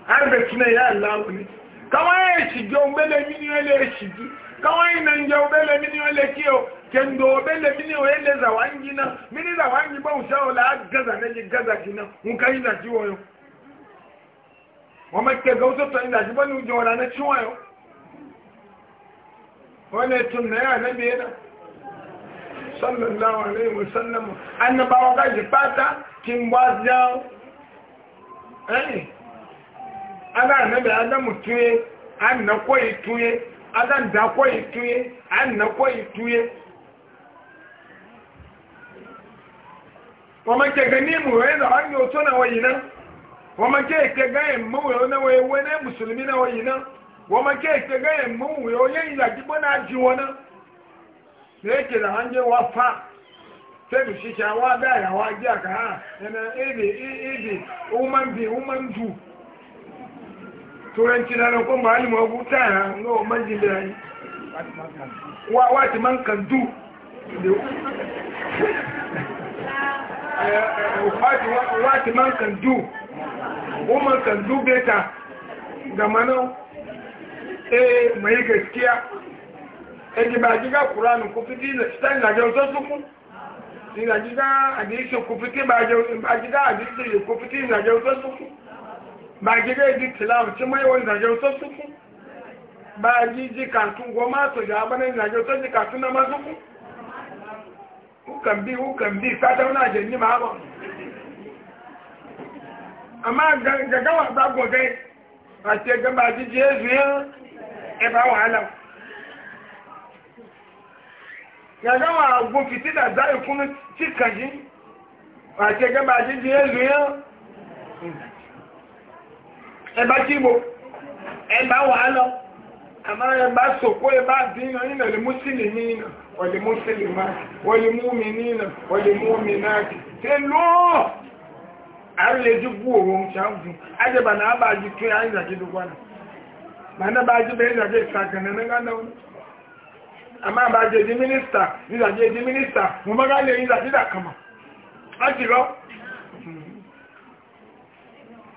har da tuna ya allahu ne kawai ya shige obele mini wale ya shige kawai nan ya obele mini wale ke o kendo obele mini wale zawangi na mini zawangi ba usa ola gaza na ji gaza ki na nka yi na ji woyo wọ́n mẹ́kẹ́ gọ́ọ́sọ̀tọ̀ ìlàjíbọ́ ní ìjọ ọ̀nà ní ṣíwọ̀n yóò wani tun na ya nabi yana sallallahu alaihi wasallam annabawa gaji fata kin ba jawo eh ana nabi adamu tuye an na koyi tuye adan da koyi tuye an na koyi tuye wọ́n ke gani mu wẹ́n náà wọ́n yóò tó náà wọ́n yìí náà wọ́n kẹ gani mu wẹ́n náà wọ́n yìí náà mùsùlùmí náà wọ́n yìí náà wọ́n mọ̀ kí èsè gẹ́yẹ̀ mú ìwé olóyìn ìlàjígbó náà jí wọn náà méjì làwọn jẹ́ wọ́n fa tẹ́lù ṣíṣe àwọn abẹ́ àyàwó ajé àkàrà ẹ̀nà èdè èdè woman be woman do turanci na nan kuma alimu abu ta ya ga wa man kan eh mai gaskiya ɗan eh, ba giga ƙuranu ku fiti da cikin gajiyar ni na giga hadisi ku fiti ba giga hadisi na ba giga yi tilawci mai wani gajiyar sassuku ba gigi kantun goma su ja bane gajiyar sassuku kantun na masuku hukan bi hukan bi fata wani ajiyanyi ma ba amma gagawa ba a ce gaba gigi ya ẹ̀bá wàhálà yàgá wà fìtí tí kàjí àti ẹgbẹ́ bá jíjí èlú yẹn ẹ̀bá kíbo ẹ̀bá wàhálà àmọ́ ẹ̀bá sòkó ẹ̀bá dínà nínà lè mú sílè nínà wọ̀lẹ̀ mú sílè má wọ̀lẹ̀ mú mi mú mi náà tẹ òun ṣáà náà bá jí ń mana ba ji bai zage kakannin nan ganda wani amma ba je di minista ni zage di minista mu maga le yi zage da kama aji ro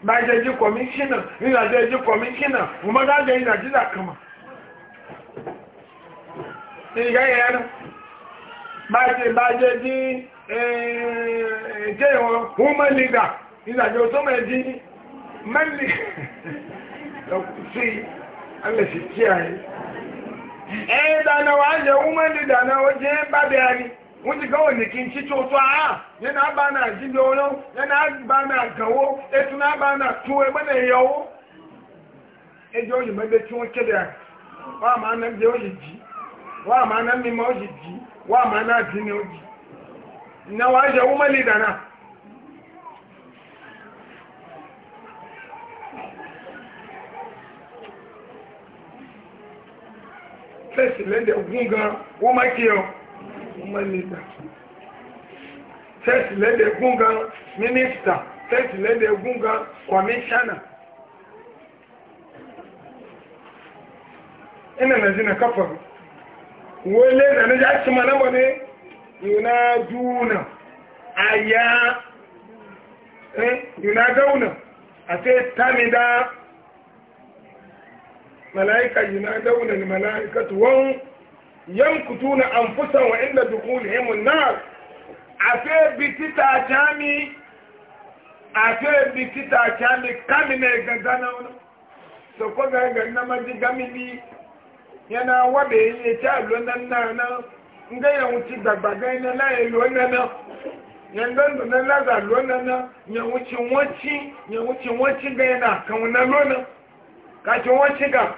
ba je di commissioner ni zage di commissioner mu maga le yi zage da kama ni ga Allah shi kiyaye eh dana waje woman da dana waje babe ani wuti ga wani kin ci toto a yana ba na jibe wani yana ba na gawo etu na ba na tuwe bane yawo ejo yi mebe tí wọ́n kéde wọ́n a máa jẹ́ wọ́n mímọ́ fẹ́sì lẹ́dẹ̀ gún gan wọ́n má kí ọ wọ́n má nígbà fẹ́sì lẹ́dẹ̀ gún gan mínísítà fẹ́sì lẹ́dẹ̀ gún gan kọmíṣánà ina na zina kafa na ní jáde ma náà wọlé yunaduna aya eh yunaduna àti tamida ملائكة ينادون الملائكة وهم يمكتون أنفسهم عند دخولهم النار أفي بتتا شامي أفي بتتا شامي كامنا يغدانا سوكو غانا مجي غامي yana wabe ya ci na nan nga ya wuce gbagba gai na la na ya nga ndo na wuchi na ya ya ga yana kan na lo na ka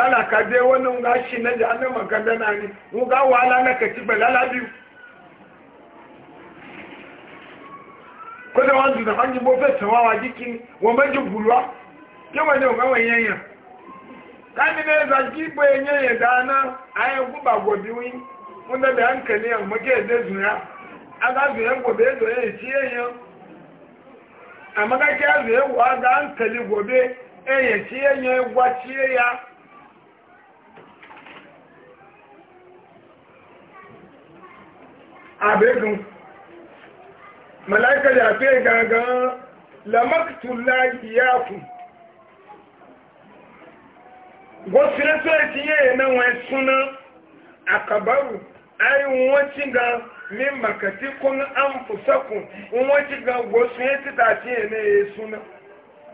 tana ka je wannan ga shi na jahannama ka gana ne mu ga wala na ka ci balala biyu ko da wanzu da hanji bo fesa wawa jikin wa maji bulwa ke wani ga wanyan ya kani ne za ki bo e yanyan ya na ayi guba gobi wi mun da hankali yan muke da zuya ci amma ga ki e ya wa ga ya ci yanyan ya abegun malaika ya fe gangan lamaktula iyakun gwasire so etinye na wọn suna akabaru ayi wọn ci ga min makati kun an ga gwasire ti ta ci na ya suna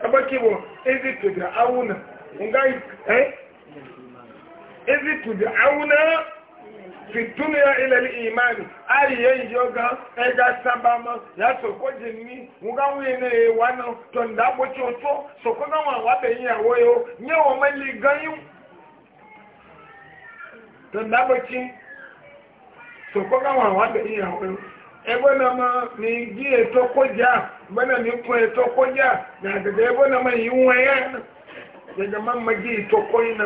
abaki bo ezi da awuna nga eh ezi to da awuna fi duniya ilẹ̀ imani ayé ya sọ̀kọ́ jẹ ní ngáwọn ilẹ̀ ìwà náà tó ń dábò tí ó tó sọ̀kọ́ gáwọn àwábẹ̀ yìí àwọ̀ yóò ní wọ́n mẹ́lì gan yín tó ń dábò tí sọ̀kọ́ gáwọn àwábẹ̀ yìí àwọ̀ yóò ẹgbẹ́ náà mọ́ ní gí ètò kọjá ẹgbẹ́ náà na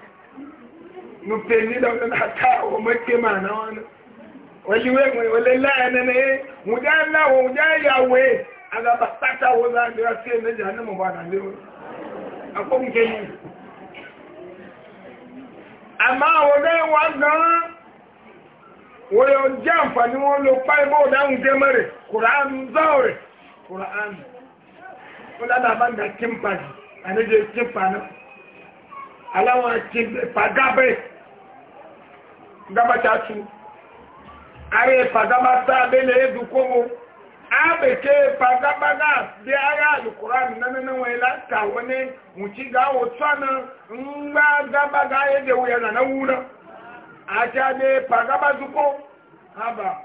nupe ni da taa hata ma na wani wani wani wani la'ana na ye wuja lawa wuja yawe a ga ba sata wa za a jira sai na jihannama ba na a amma wani wa gan wọ́n jẹ́ àǹfààní wọn lo páìbọ̀ ọ̀dáhùn jẹ́ mẹ́rẹ̀ kùránù gabata su are fagama ta bele edu komo abe ke fagama na de ara alukuran na nana wela ta wani muci ga otsana ngba gaba ga yede wuya na na wuna aja de fagama zuko haba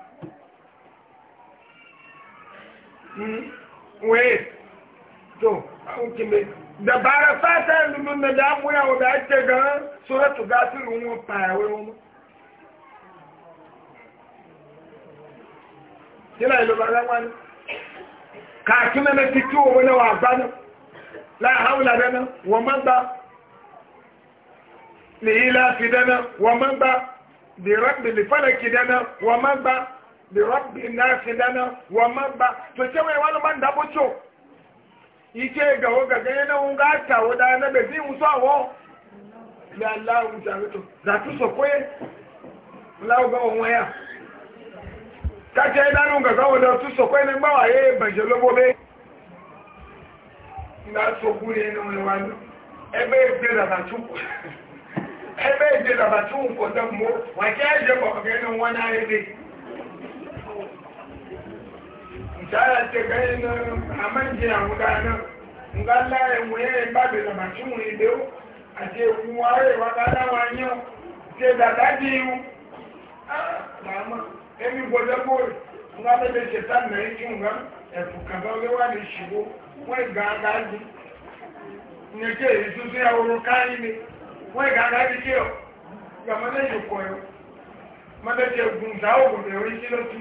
mm we to ukime dabara fata ndu na da mu ya oda ce ga suratu gafirun wa pawe mu sílẹ̀ ìlú bàbá wọn ni káàkiri mẹ́mẹ́ ti tú owó náà wà gbá ní láì háwùlà dáná wọ́n máa gbá lè yí láti dáná wọ́n máa gbá lè rọ́bì lè fọ́lẹ̀kì dáná wọ́n máa gbá lè rọ́bì náà fi dáná wọ́n máa gbá tó ṣe wọ́n ìwọ́n ló máa ń dábò tó ike gàwó gàgà yẹn náà ń gá àtàwọ̀ dáná náà bẹ̀ẹ́ sí ìwúsọ àwọ̀ lè aláwùjá rẹ̀ tó zàtúnṣọ̀ kóyè láwùgbọ́ wọn yà. kake danu ga zawo da su sokwai nan bawa ya yi banje lobobe na sokwu ne na wani wani ebe ife da ba chukwu ebe ife da ba chukwu ko dan mo wake aje ba ga nan wani arebe ntara ce ga yi na aman ji na wuda nan nga laye nwere ba bi da ba chukwu ide o ati ewu wa arewa dawa yau ce da daji iwu ah ba ma ebi gbọdọ bóyì nga bẹbẹ ṣẹta mẹrin tí nga ẹfù kaba wíwá lè ṣìwó wọn ìgbà aga di nyeke èyí tuntun yà wọlé di ọ gbàmọ náà yóò kọ yọ mọdé tẹ gùn sáà ògùn lọtí.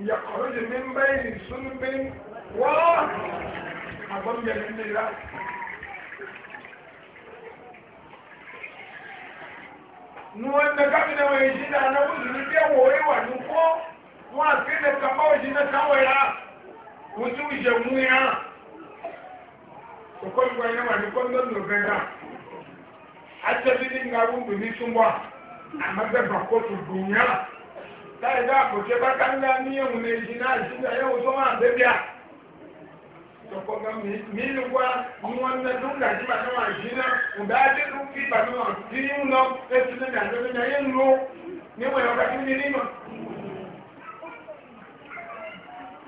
يخرج من بين صلب وأظن من الله nu wanda gamina wai shi da na uzuri ke woye wa nuko wa ke da kama wa shi na kawai ya wuce wuce mu ya ko kon gwa ya wa nuko don a tabi din ga wundu ni sun ba amma láì dá àpòṣe bákà ńlá ní ìhùn lè ṣe náà ṣe náà yóò tó máa bẹ́bí à. Sọ̀kọ̀ gan mi ní wá ní wọ́n ń lẹ́dún ìgbà tí bàtà wà ṣí náà, ǹdá ajé tó kí bàtà wà sí ń lọ, ẹtù ní ìgbà tó ní ayé ń lo níwọ̀n ẹ̀rọ kàtí ní nímọ̀.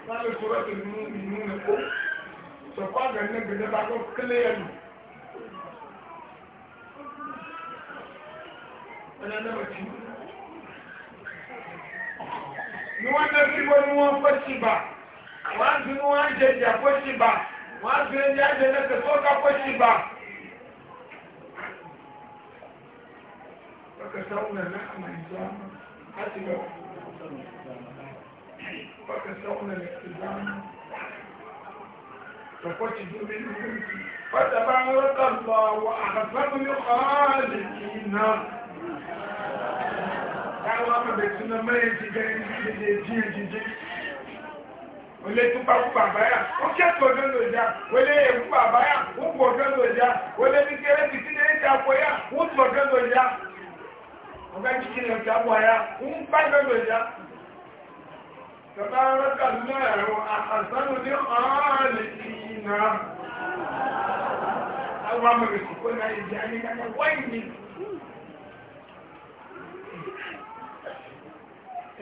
Wọ́n lè sọ̀rọ̀ tó nínú ìnú rẹ̀ kó. Sọ̀kọ̀ gan ní gbèdébà kó kílé ẹ̀lú. Ẹ̀rọ náà ti ni wọ́n lọ sí wọn ni wọ́n kọ́ sí bá wọ́n á dùn ní wọ́n á jẹ ìjà kọ́ sí bá wọ́n á dùn ní àjẹ lẹ́sẹ̀ fọ́ọ̀ká kọ́ sí bá. فكسونا لحم الزعمة حسب فكسونا الاحتزام فقتلوا منهم فتبارك الله وأحسن الخالقين káwọn bẹ̀bẹ̀ tí wọ́n mẹ́rin ti gẹ́ ìdíje díẹ̀ jíjẹ́ olè tún bá fún bàbá yà ó kẹ́kọ̀ọ́ ọ̀dọ́ lòdà olè yẹ fún bàbá yà ó pọ̀ ọ̀dọ́ lòdà olè ní kéré ti ti lè dà pọ̀ yà ó tún ọ̀dọ́ lòdà ọ̀gá jíjìn lè dà pọ̀ yà ó ń bá ọ̀dọ́ lòdà. Bàbá Rọ́tà lọ́rọ̀ àtàzánù ní ọ̀rẹ́ ìnà. Àwọn amọ̀rẹ̀sìkò náà ìjà ní kàkà wáyé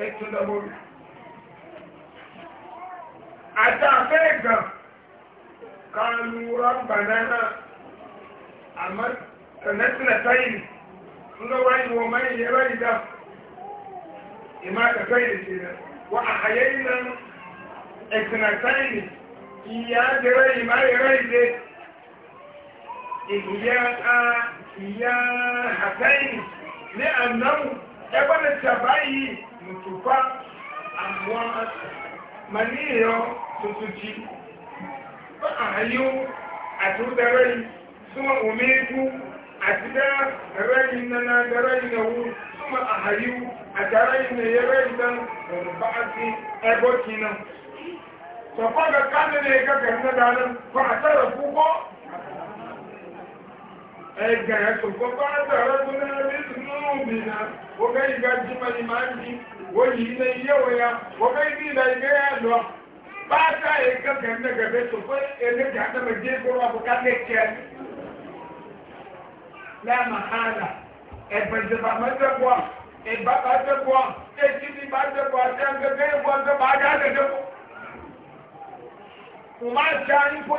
ètò lọ́wọ́rù àtàfẹ́ gan kanu rambanana àmọ́ ẹ̀nẹ́tìlẹ̀ táyìn ńlọ́wọ́ ìwọ̀n mẹ́rin yẹ́rọ ìdá ìmá àtàfẹ́ ìrìnṣẹ́ rẹ̀ wọ́n àhàyẹ́ iná ẹ̀tìlẹ̀ táyìn ìyá jẹ́rọ ìmá yẹ́rọ ìdẹ́ ìyá ìyá àtàyìn ní ànáwó ẹgbẹ́ ntukwa amuwa maniyo tutuji fa ayo ati udarai suma umeku da rai na na da rai na wu suma na ya rai dan wani ba'asi na kinan sofa ga kanu ne ga gasa da nan a tara kuko ẹgbẹ̀rẹ̀ tó náà ó ìgbà wani na yawa ya wakai ni da ga ya lo ba ta yi ga kan na gabe to ko e ne ga da maje ko ba ka ne ke la mahala e ba je ba ma da ko e ba ba da ko e ji ni ba da ko ta ga ga ko ga ba da da ko kuma ta ni ko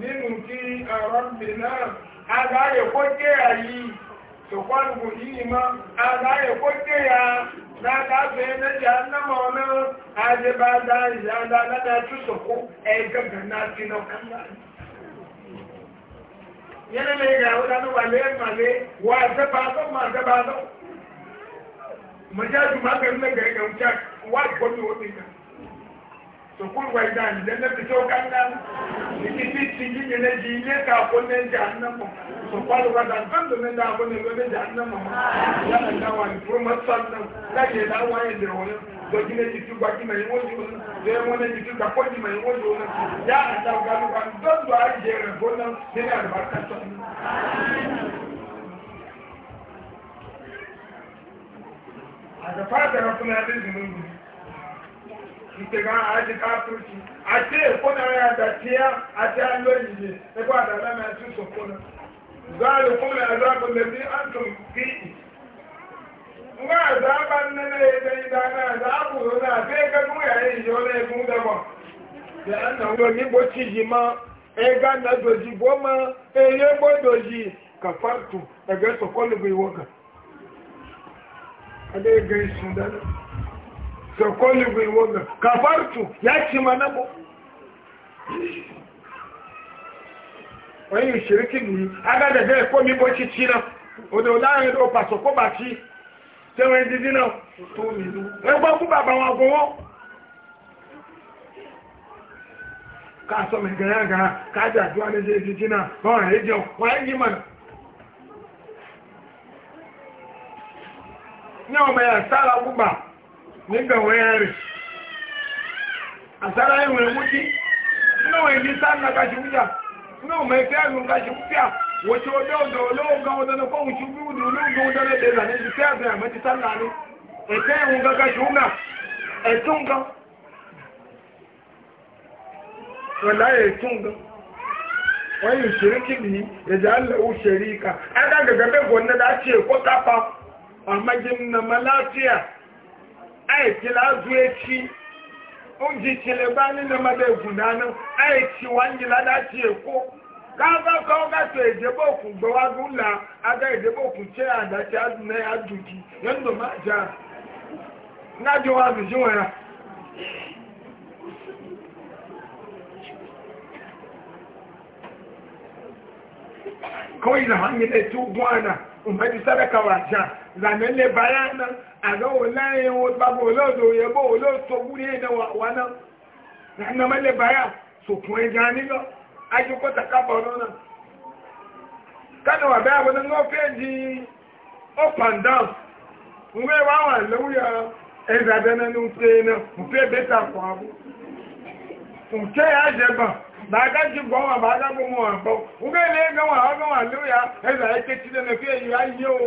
nínú kí àrọ́bì náà agbáyé kó jẹ́ àyí ṣùkwọ́nùkù yìí mọ́ agbáyé kó jẹ́ ya látàbẹ̀ méjì annámọ̀ náà ajẹ́bàdá ìyàdá látà túsọ̀kú ẹgbẹ̀gbẹ̀ náà ti lọ kánlá yẹ́nà lè yà ó dánú wà lé màlé wà àjẹ́bàdọ́ mà àjẹ́bàdọ́ mọ̀jáde sukuu wa ida ni dɛmɛ bi tó gánga ìdí ti ti yi mi lé di ilé ká kó lé dza nné mɔ sukuu alu wa da nfɛn tó lé dza kó lé lé dza nné mɔ yàrá ìdá wa ni fúru ma sàn nà láyé ìdá wa yẹ lè wọlé dɔdzi lé ti tu gba kí ma yi wó yó nà lé wó lé ti tu gba kó di ma yi wó yó nà yàrá ìdá wa ni wa dɔdɔ ayi yẹ rẹ bó nà lé ní àlùbá ká sọ nà. àgbàfà àgbàrá fúnra lé zinu nù. ìtẹ̀gá àjíká tùtù àti èkónà àdàtíyà àti alóyìnbí ẹgbẹ́ àdàlá náà tún sọ̀kónà zọ́ọ̀lù fún àzọ́gbọ̀n lẹ́bí a kí ngá àzọ́gbà nínú ẹgbẹ́ ìdá azụ àzọ́gbùrú náà fẹ́ a ẹ̀yẹ ìyọ́ náà fún dẹ́gbọ̀ na wọn níbo tí yìí mọ́ ẹgbẹ́ náà dòjì bó mọ́ ẹyẹ gbọ́dọ̀ yìí kàfàtù ẹgbẹ́ sọ̀kọ́lù bí wọ́gà ẹgbẹ́ bụ dáná sokoli bai wanda kafartu ya ci mana bu wani shirki ne aga da zai komi boci cina wadda wadda ya da paso ko baci sai wani jiji na to mizu wani ba ku baba wa gowo ka so mai gaya gaya ka ji aduwa na zai jiji na ba wani rediyo wani yi mana ní nígbà wẹ́yẹ rẹ̀ àsára ìwọ̀n ẹ̀mútí inú ìdí sáàmà kàṣíwújà inú mẹ́fẹ́ àrùn kàṣíwújà wọ́n tí ó dé ọ̀dọ̀ olóògùn ọdọ́nà fóun ṣubú ìdù olóògùn ọdọ́nà dèrò àti ìdí ní ẹ̀tẹ́ ìwọ̀n kàṣíwújà ẹ̀tún gan ayekele azụ echi ojitile ba ni na mada egunda na ayechi ka ga to ejebe okun gbe wa aga ejebe okun che adati azu na ya duki ja ya tu wa ja zanen àgọ́ wò lẹ́yìn wọn gbàgbọ́ olóòdò òyìnbó olóòtò wúrí ẹ̀dẹ̀ wà náà nàmẹ́lẹ̀ báyà sòkùn ẹja nílọ ajokota kábọ̀ lọ́nà kánà wà bẹ́ẹ̀ wọn ní wọ́n fẹ́ di up and down ngbe wa wà lóyà ẹ̀dà dáná ní ṣe náà mo fẹ́ bẹ́tà kọ́ abú ǹkẹ́ yà jẹba bàgá jí bọ́ wà bàgá bọ́ mọ́ wà bọ́ ngbe ní ẹgbẹ́ wà ọgbọ́n wà lóyà ẹ̀dà ẹ̀kẹ́ tí lẹ́nu fẹ́ yìí ayé o.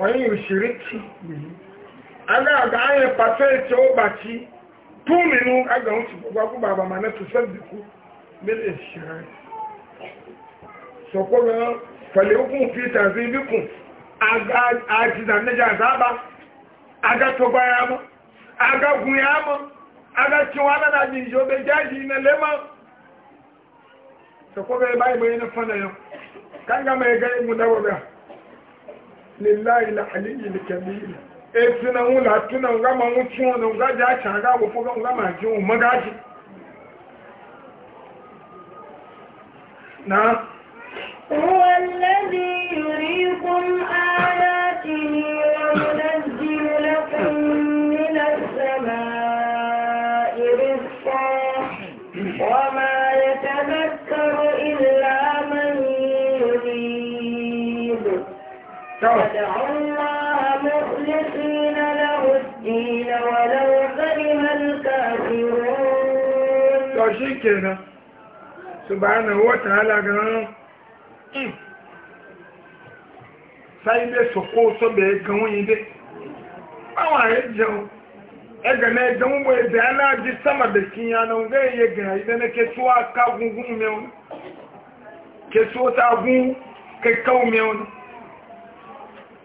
wọ́n yìí ṣìríkì agáàgá ayẹ pàṣẹ ìtì ó bàtí tún nínú agbẹ̀hún ti gbogbo akú bàbá mà náà tó sẹ́bìkú mílẹ̀ ṣìrẹ́ sọ̀kọ́ rẹ̀ pẹ̀lẹ́ òkun fi tàbí bíkùn àjìdà méjà sábà agátọgbà yà mọ́ agagun yà mọ́ agátí wọn adájì ìjọba jáde ilẹ̀ lẹ́mọ́ sọ̀kọ́ rẹ̀ báyìí mọ́ yẹn fọ́nà lillahi la aliyyil kabir etina wula tuna nga ma ŋutsu na nga dza tsa nga wofo nga nga ma dzi wo mega na. هو الذي يريكم آياته فادعوا الله مخلصين له الدين ولو كره الكافرون to shikenan subhanahu wa ta'ala gan sai be soko so be gan yin de àwọn are jẹun ẹgbẹ̀ náà ẹgbẹ̀ mú ẹgbẹ̀ aláàjí sámàdé kí ya náà ń gẹ́ iye gẹ̀rẹ̀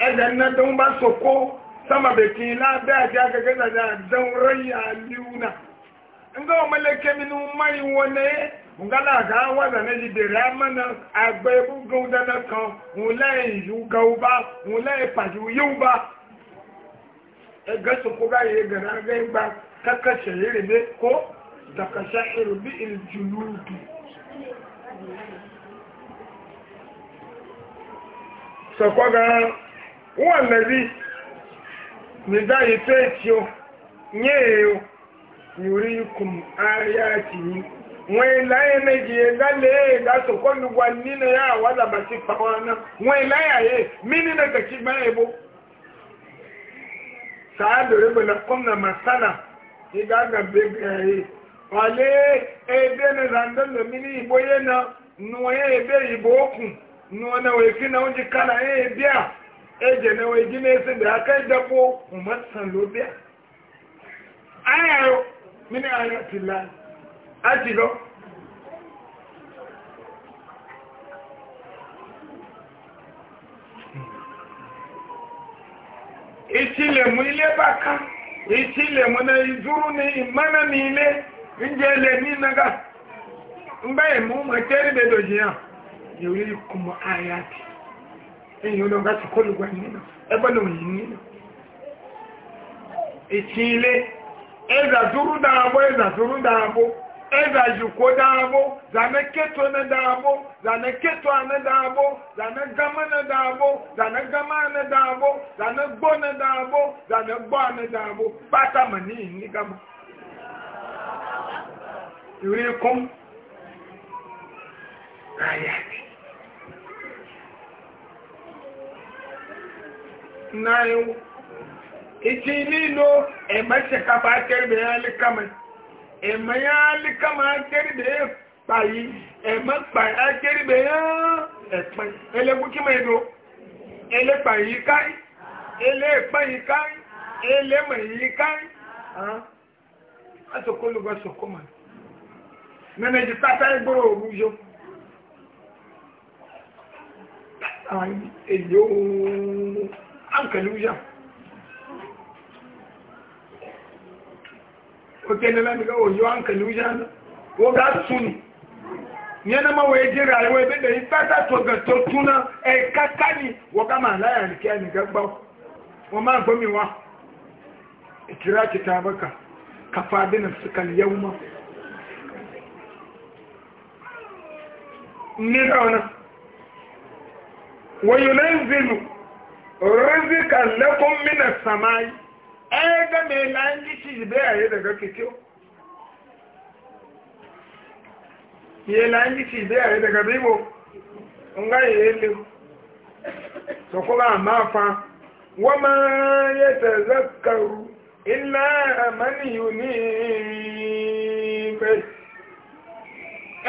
ẹgbẹ̀ ńnà tó ń bá sọ̀kó sámàbẹ̀kì lábẹ́ àti agagẹ́ dàdà àdán rẹ́yà líúnà ńgá ọmọlẹ́kẹ́ mi ní mọ́rin wọn ní ǹgálà àgá wà dànà yìí bèrè àmọ́nà àgbẹ̀ ebúgbọ́n dáná kan wọn lẹ́yìn ìlú gàúbá wọn lẹ́yìn pàṣẹ yíwúbá ẹgbẹ́ sọ̀kó sọ̀kọ́ gan-an wọ́n lẹ́bí nìdá ìfẹ́ tí ó nyé èyó yorí kùm àríyá tì yí wọ́n ìláyé méjì ya lẹ́yẹ̀ ya sọ̀kọ́ lùgbà nínú yá ya bá ti na wọn náà wọ́n ìláyé na masana ìdá gàbẹ̀ ya ya ẹ̀dẹ́ ní ya mí ní ìbóyé ya eje na wai gina su da aka dabo umarsan lobiya ayayo mini ayatila a shigo ichile mu ile baka ichile mu na izuru ni imana ni ile njele ni naga mbaye mu makeri bedojiya yuri kuma ayati ẹ̀yìn olóńgá ti kọ́ lùgbà nínú ẹgbẹ́lò yìí nínú ìtì ilé ẹ̀zà dúró dáàbò ẹ̀zà dúró dáàbò ẹ̀zà yùkó dáàbò zànà kẹtọ ní dáàbò zànà kẹtọ ní dáàbò zànà gámà ní dáàbò zànà gámà ní dáàbò zànà gbó ní dáàbò zànà gbó ní dáàbò pátá mà ní ìní gámà ìrí kún ráyà ni. nayo ichi lilo e mace kafa kerbe ya likama e maya likama kerbe payi e ma payi kerbe ya epan ele buki medo ele payi kai ele payi kai ele mayi kai ah asokolu ga sokoma nana ji tata igboro orujo àwọn èyí ooo hankali wujan oke na lamiga oyo hankali wujan ko ga sunu yana ma We jin rayuwa ebe da yi fata to ga to tuna e kakani wa ga ma laya ni kya ni gagba wa ma gomi wa ikira kitabaka kafadin sukan yawma ni da wannan wa yunzilu rizika lakum mina samai ai ga me lan ji ci be daga kito ye lan ji ci be aye daga bibo nga ye le so ko ba ma fa wa ma yatazakkaru illa man yunib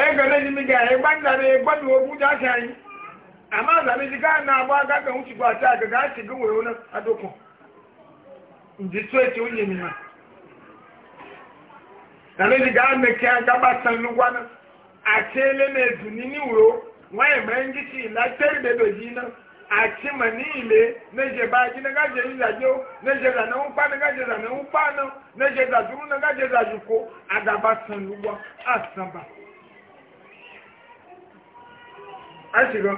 ai ga ne mi ga e gbanda re gbadu obu ja sai amma zami gaa na ba ga kan wuce ba ta ga gashi ga wayo nan a doko ji so ce wuce mi na zami zika na ke an gaba san lugwa nan a ce le ne duni ni wuro waye bayan gici la teri da doji nan a ci mani ile na je ba ji na gaje yi zaje na je za na wupa na gaje za na wupa nan na je za duru na gaje za juko a gaba san lugwa a san ba a shiga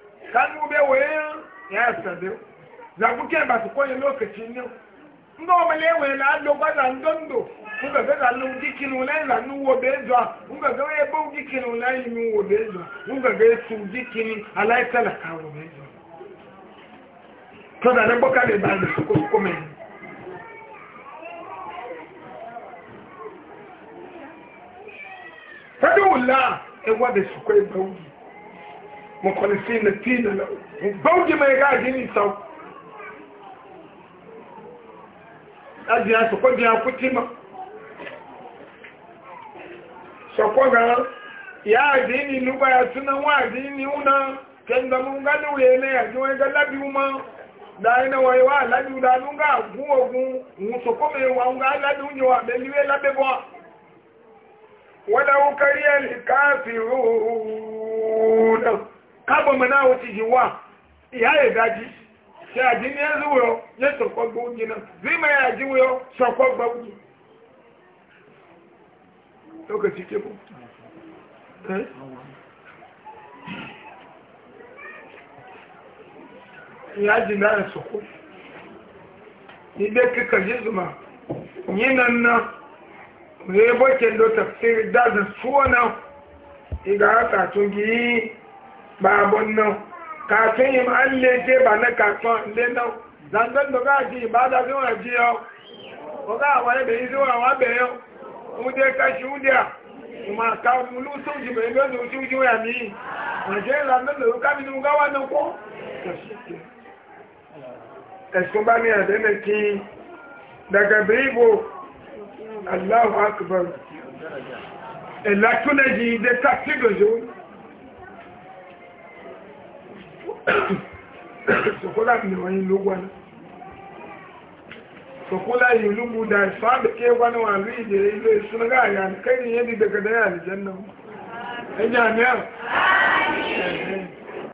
kanu bɛ wɛn ya sɛbɛ zaku kɛ ba sukɔ ye lokaci o mele wɛn la lɔgba la ndondo nga fɛ ka lu na la yi la nu wo bɛ zɔ nga fɛ ye bɔn dikinu la yi nu wo bɛ zɔ fɛ su ala yi ka wo bɛ zɔ tɔda ne bɔ ka le ba le sukɔ sukɔ mɛ. ewa sukɔ ye na مخلصين الدين له بوجي ما يقاعدين يسوا أجي أسو قد يأكتما سوكوغا يا ديني لبا يتنا واديني هنا kenda mungani uyene ajiwenga labi uma daina waiwa labi ulalunga guo gu musokome waunga labi unyo wabeliwe labe bwa wala ukaria likafiruna káàbọ̀ mọ̀ náà wọ́n ti yìí wá ìyá ìdájí ṣe àjí ní ẹzúwọ́ yẹ sọ̀kọ́ gbọ́ oúnjẹ náà bí mọ̀ yà àjíwọ́ sọ̀kọ́ gbọ́ oúnjẹ lókè tí kébù ìyá jì náà sọ̀kọ́ ilé kíkà jésùmá yín náà náà rèébọ̀ kẹ́ndọ̀ tàfsírì dáadáa fún ọ náà ìgbà àtàtúngì yìí babon nan kafin yin an leke ba na kafin lenan zangon da ga ji ba da zuwa ji yau ko ga wani da yi zuwa wa bai yau ude kashi udiya kuma ka mulu sun ji bai gani uci uji wa mi wajen zangon da ruka mi nuga wannan ko kashi ba ni a dana ki daga bribo allahu akbar elatunaji da tafi da zuwa sokola mnewani lugwana sokola yi lugu da sabe ke wani wani ije ile suna ga ya kai ne yadda daga da ya aljanna ya jami'a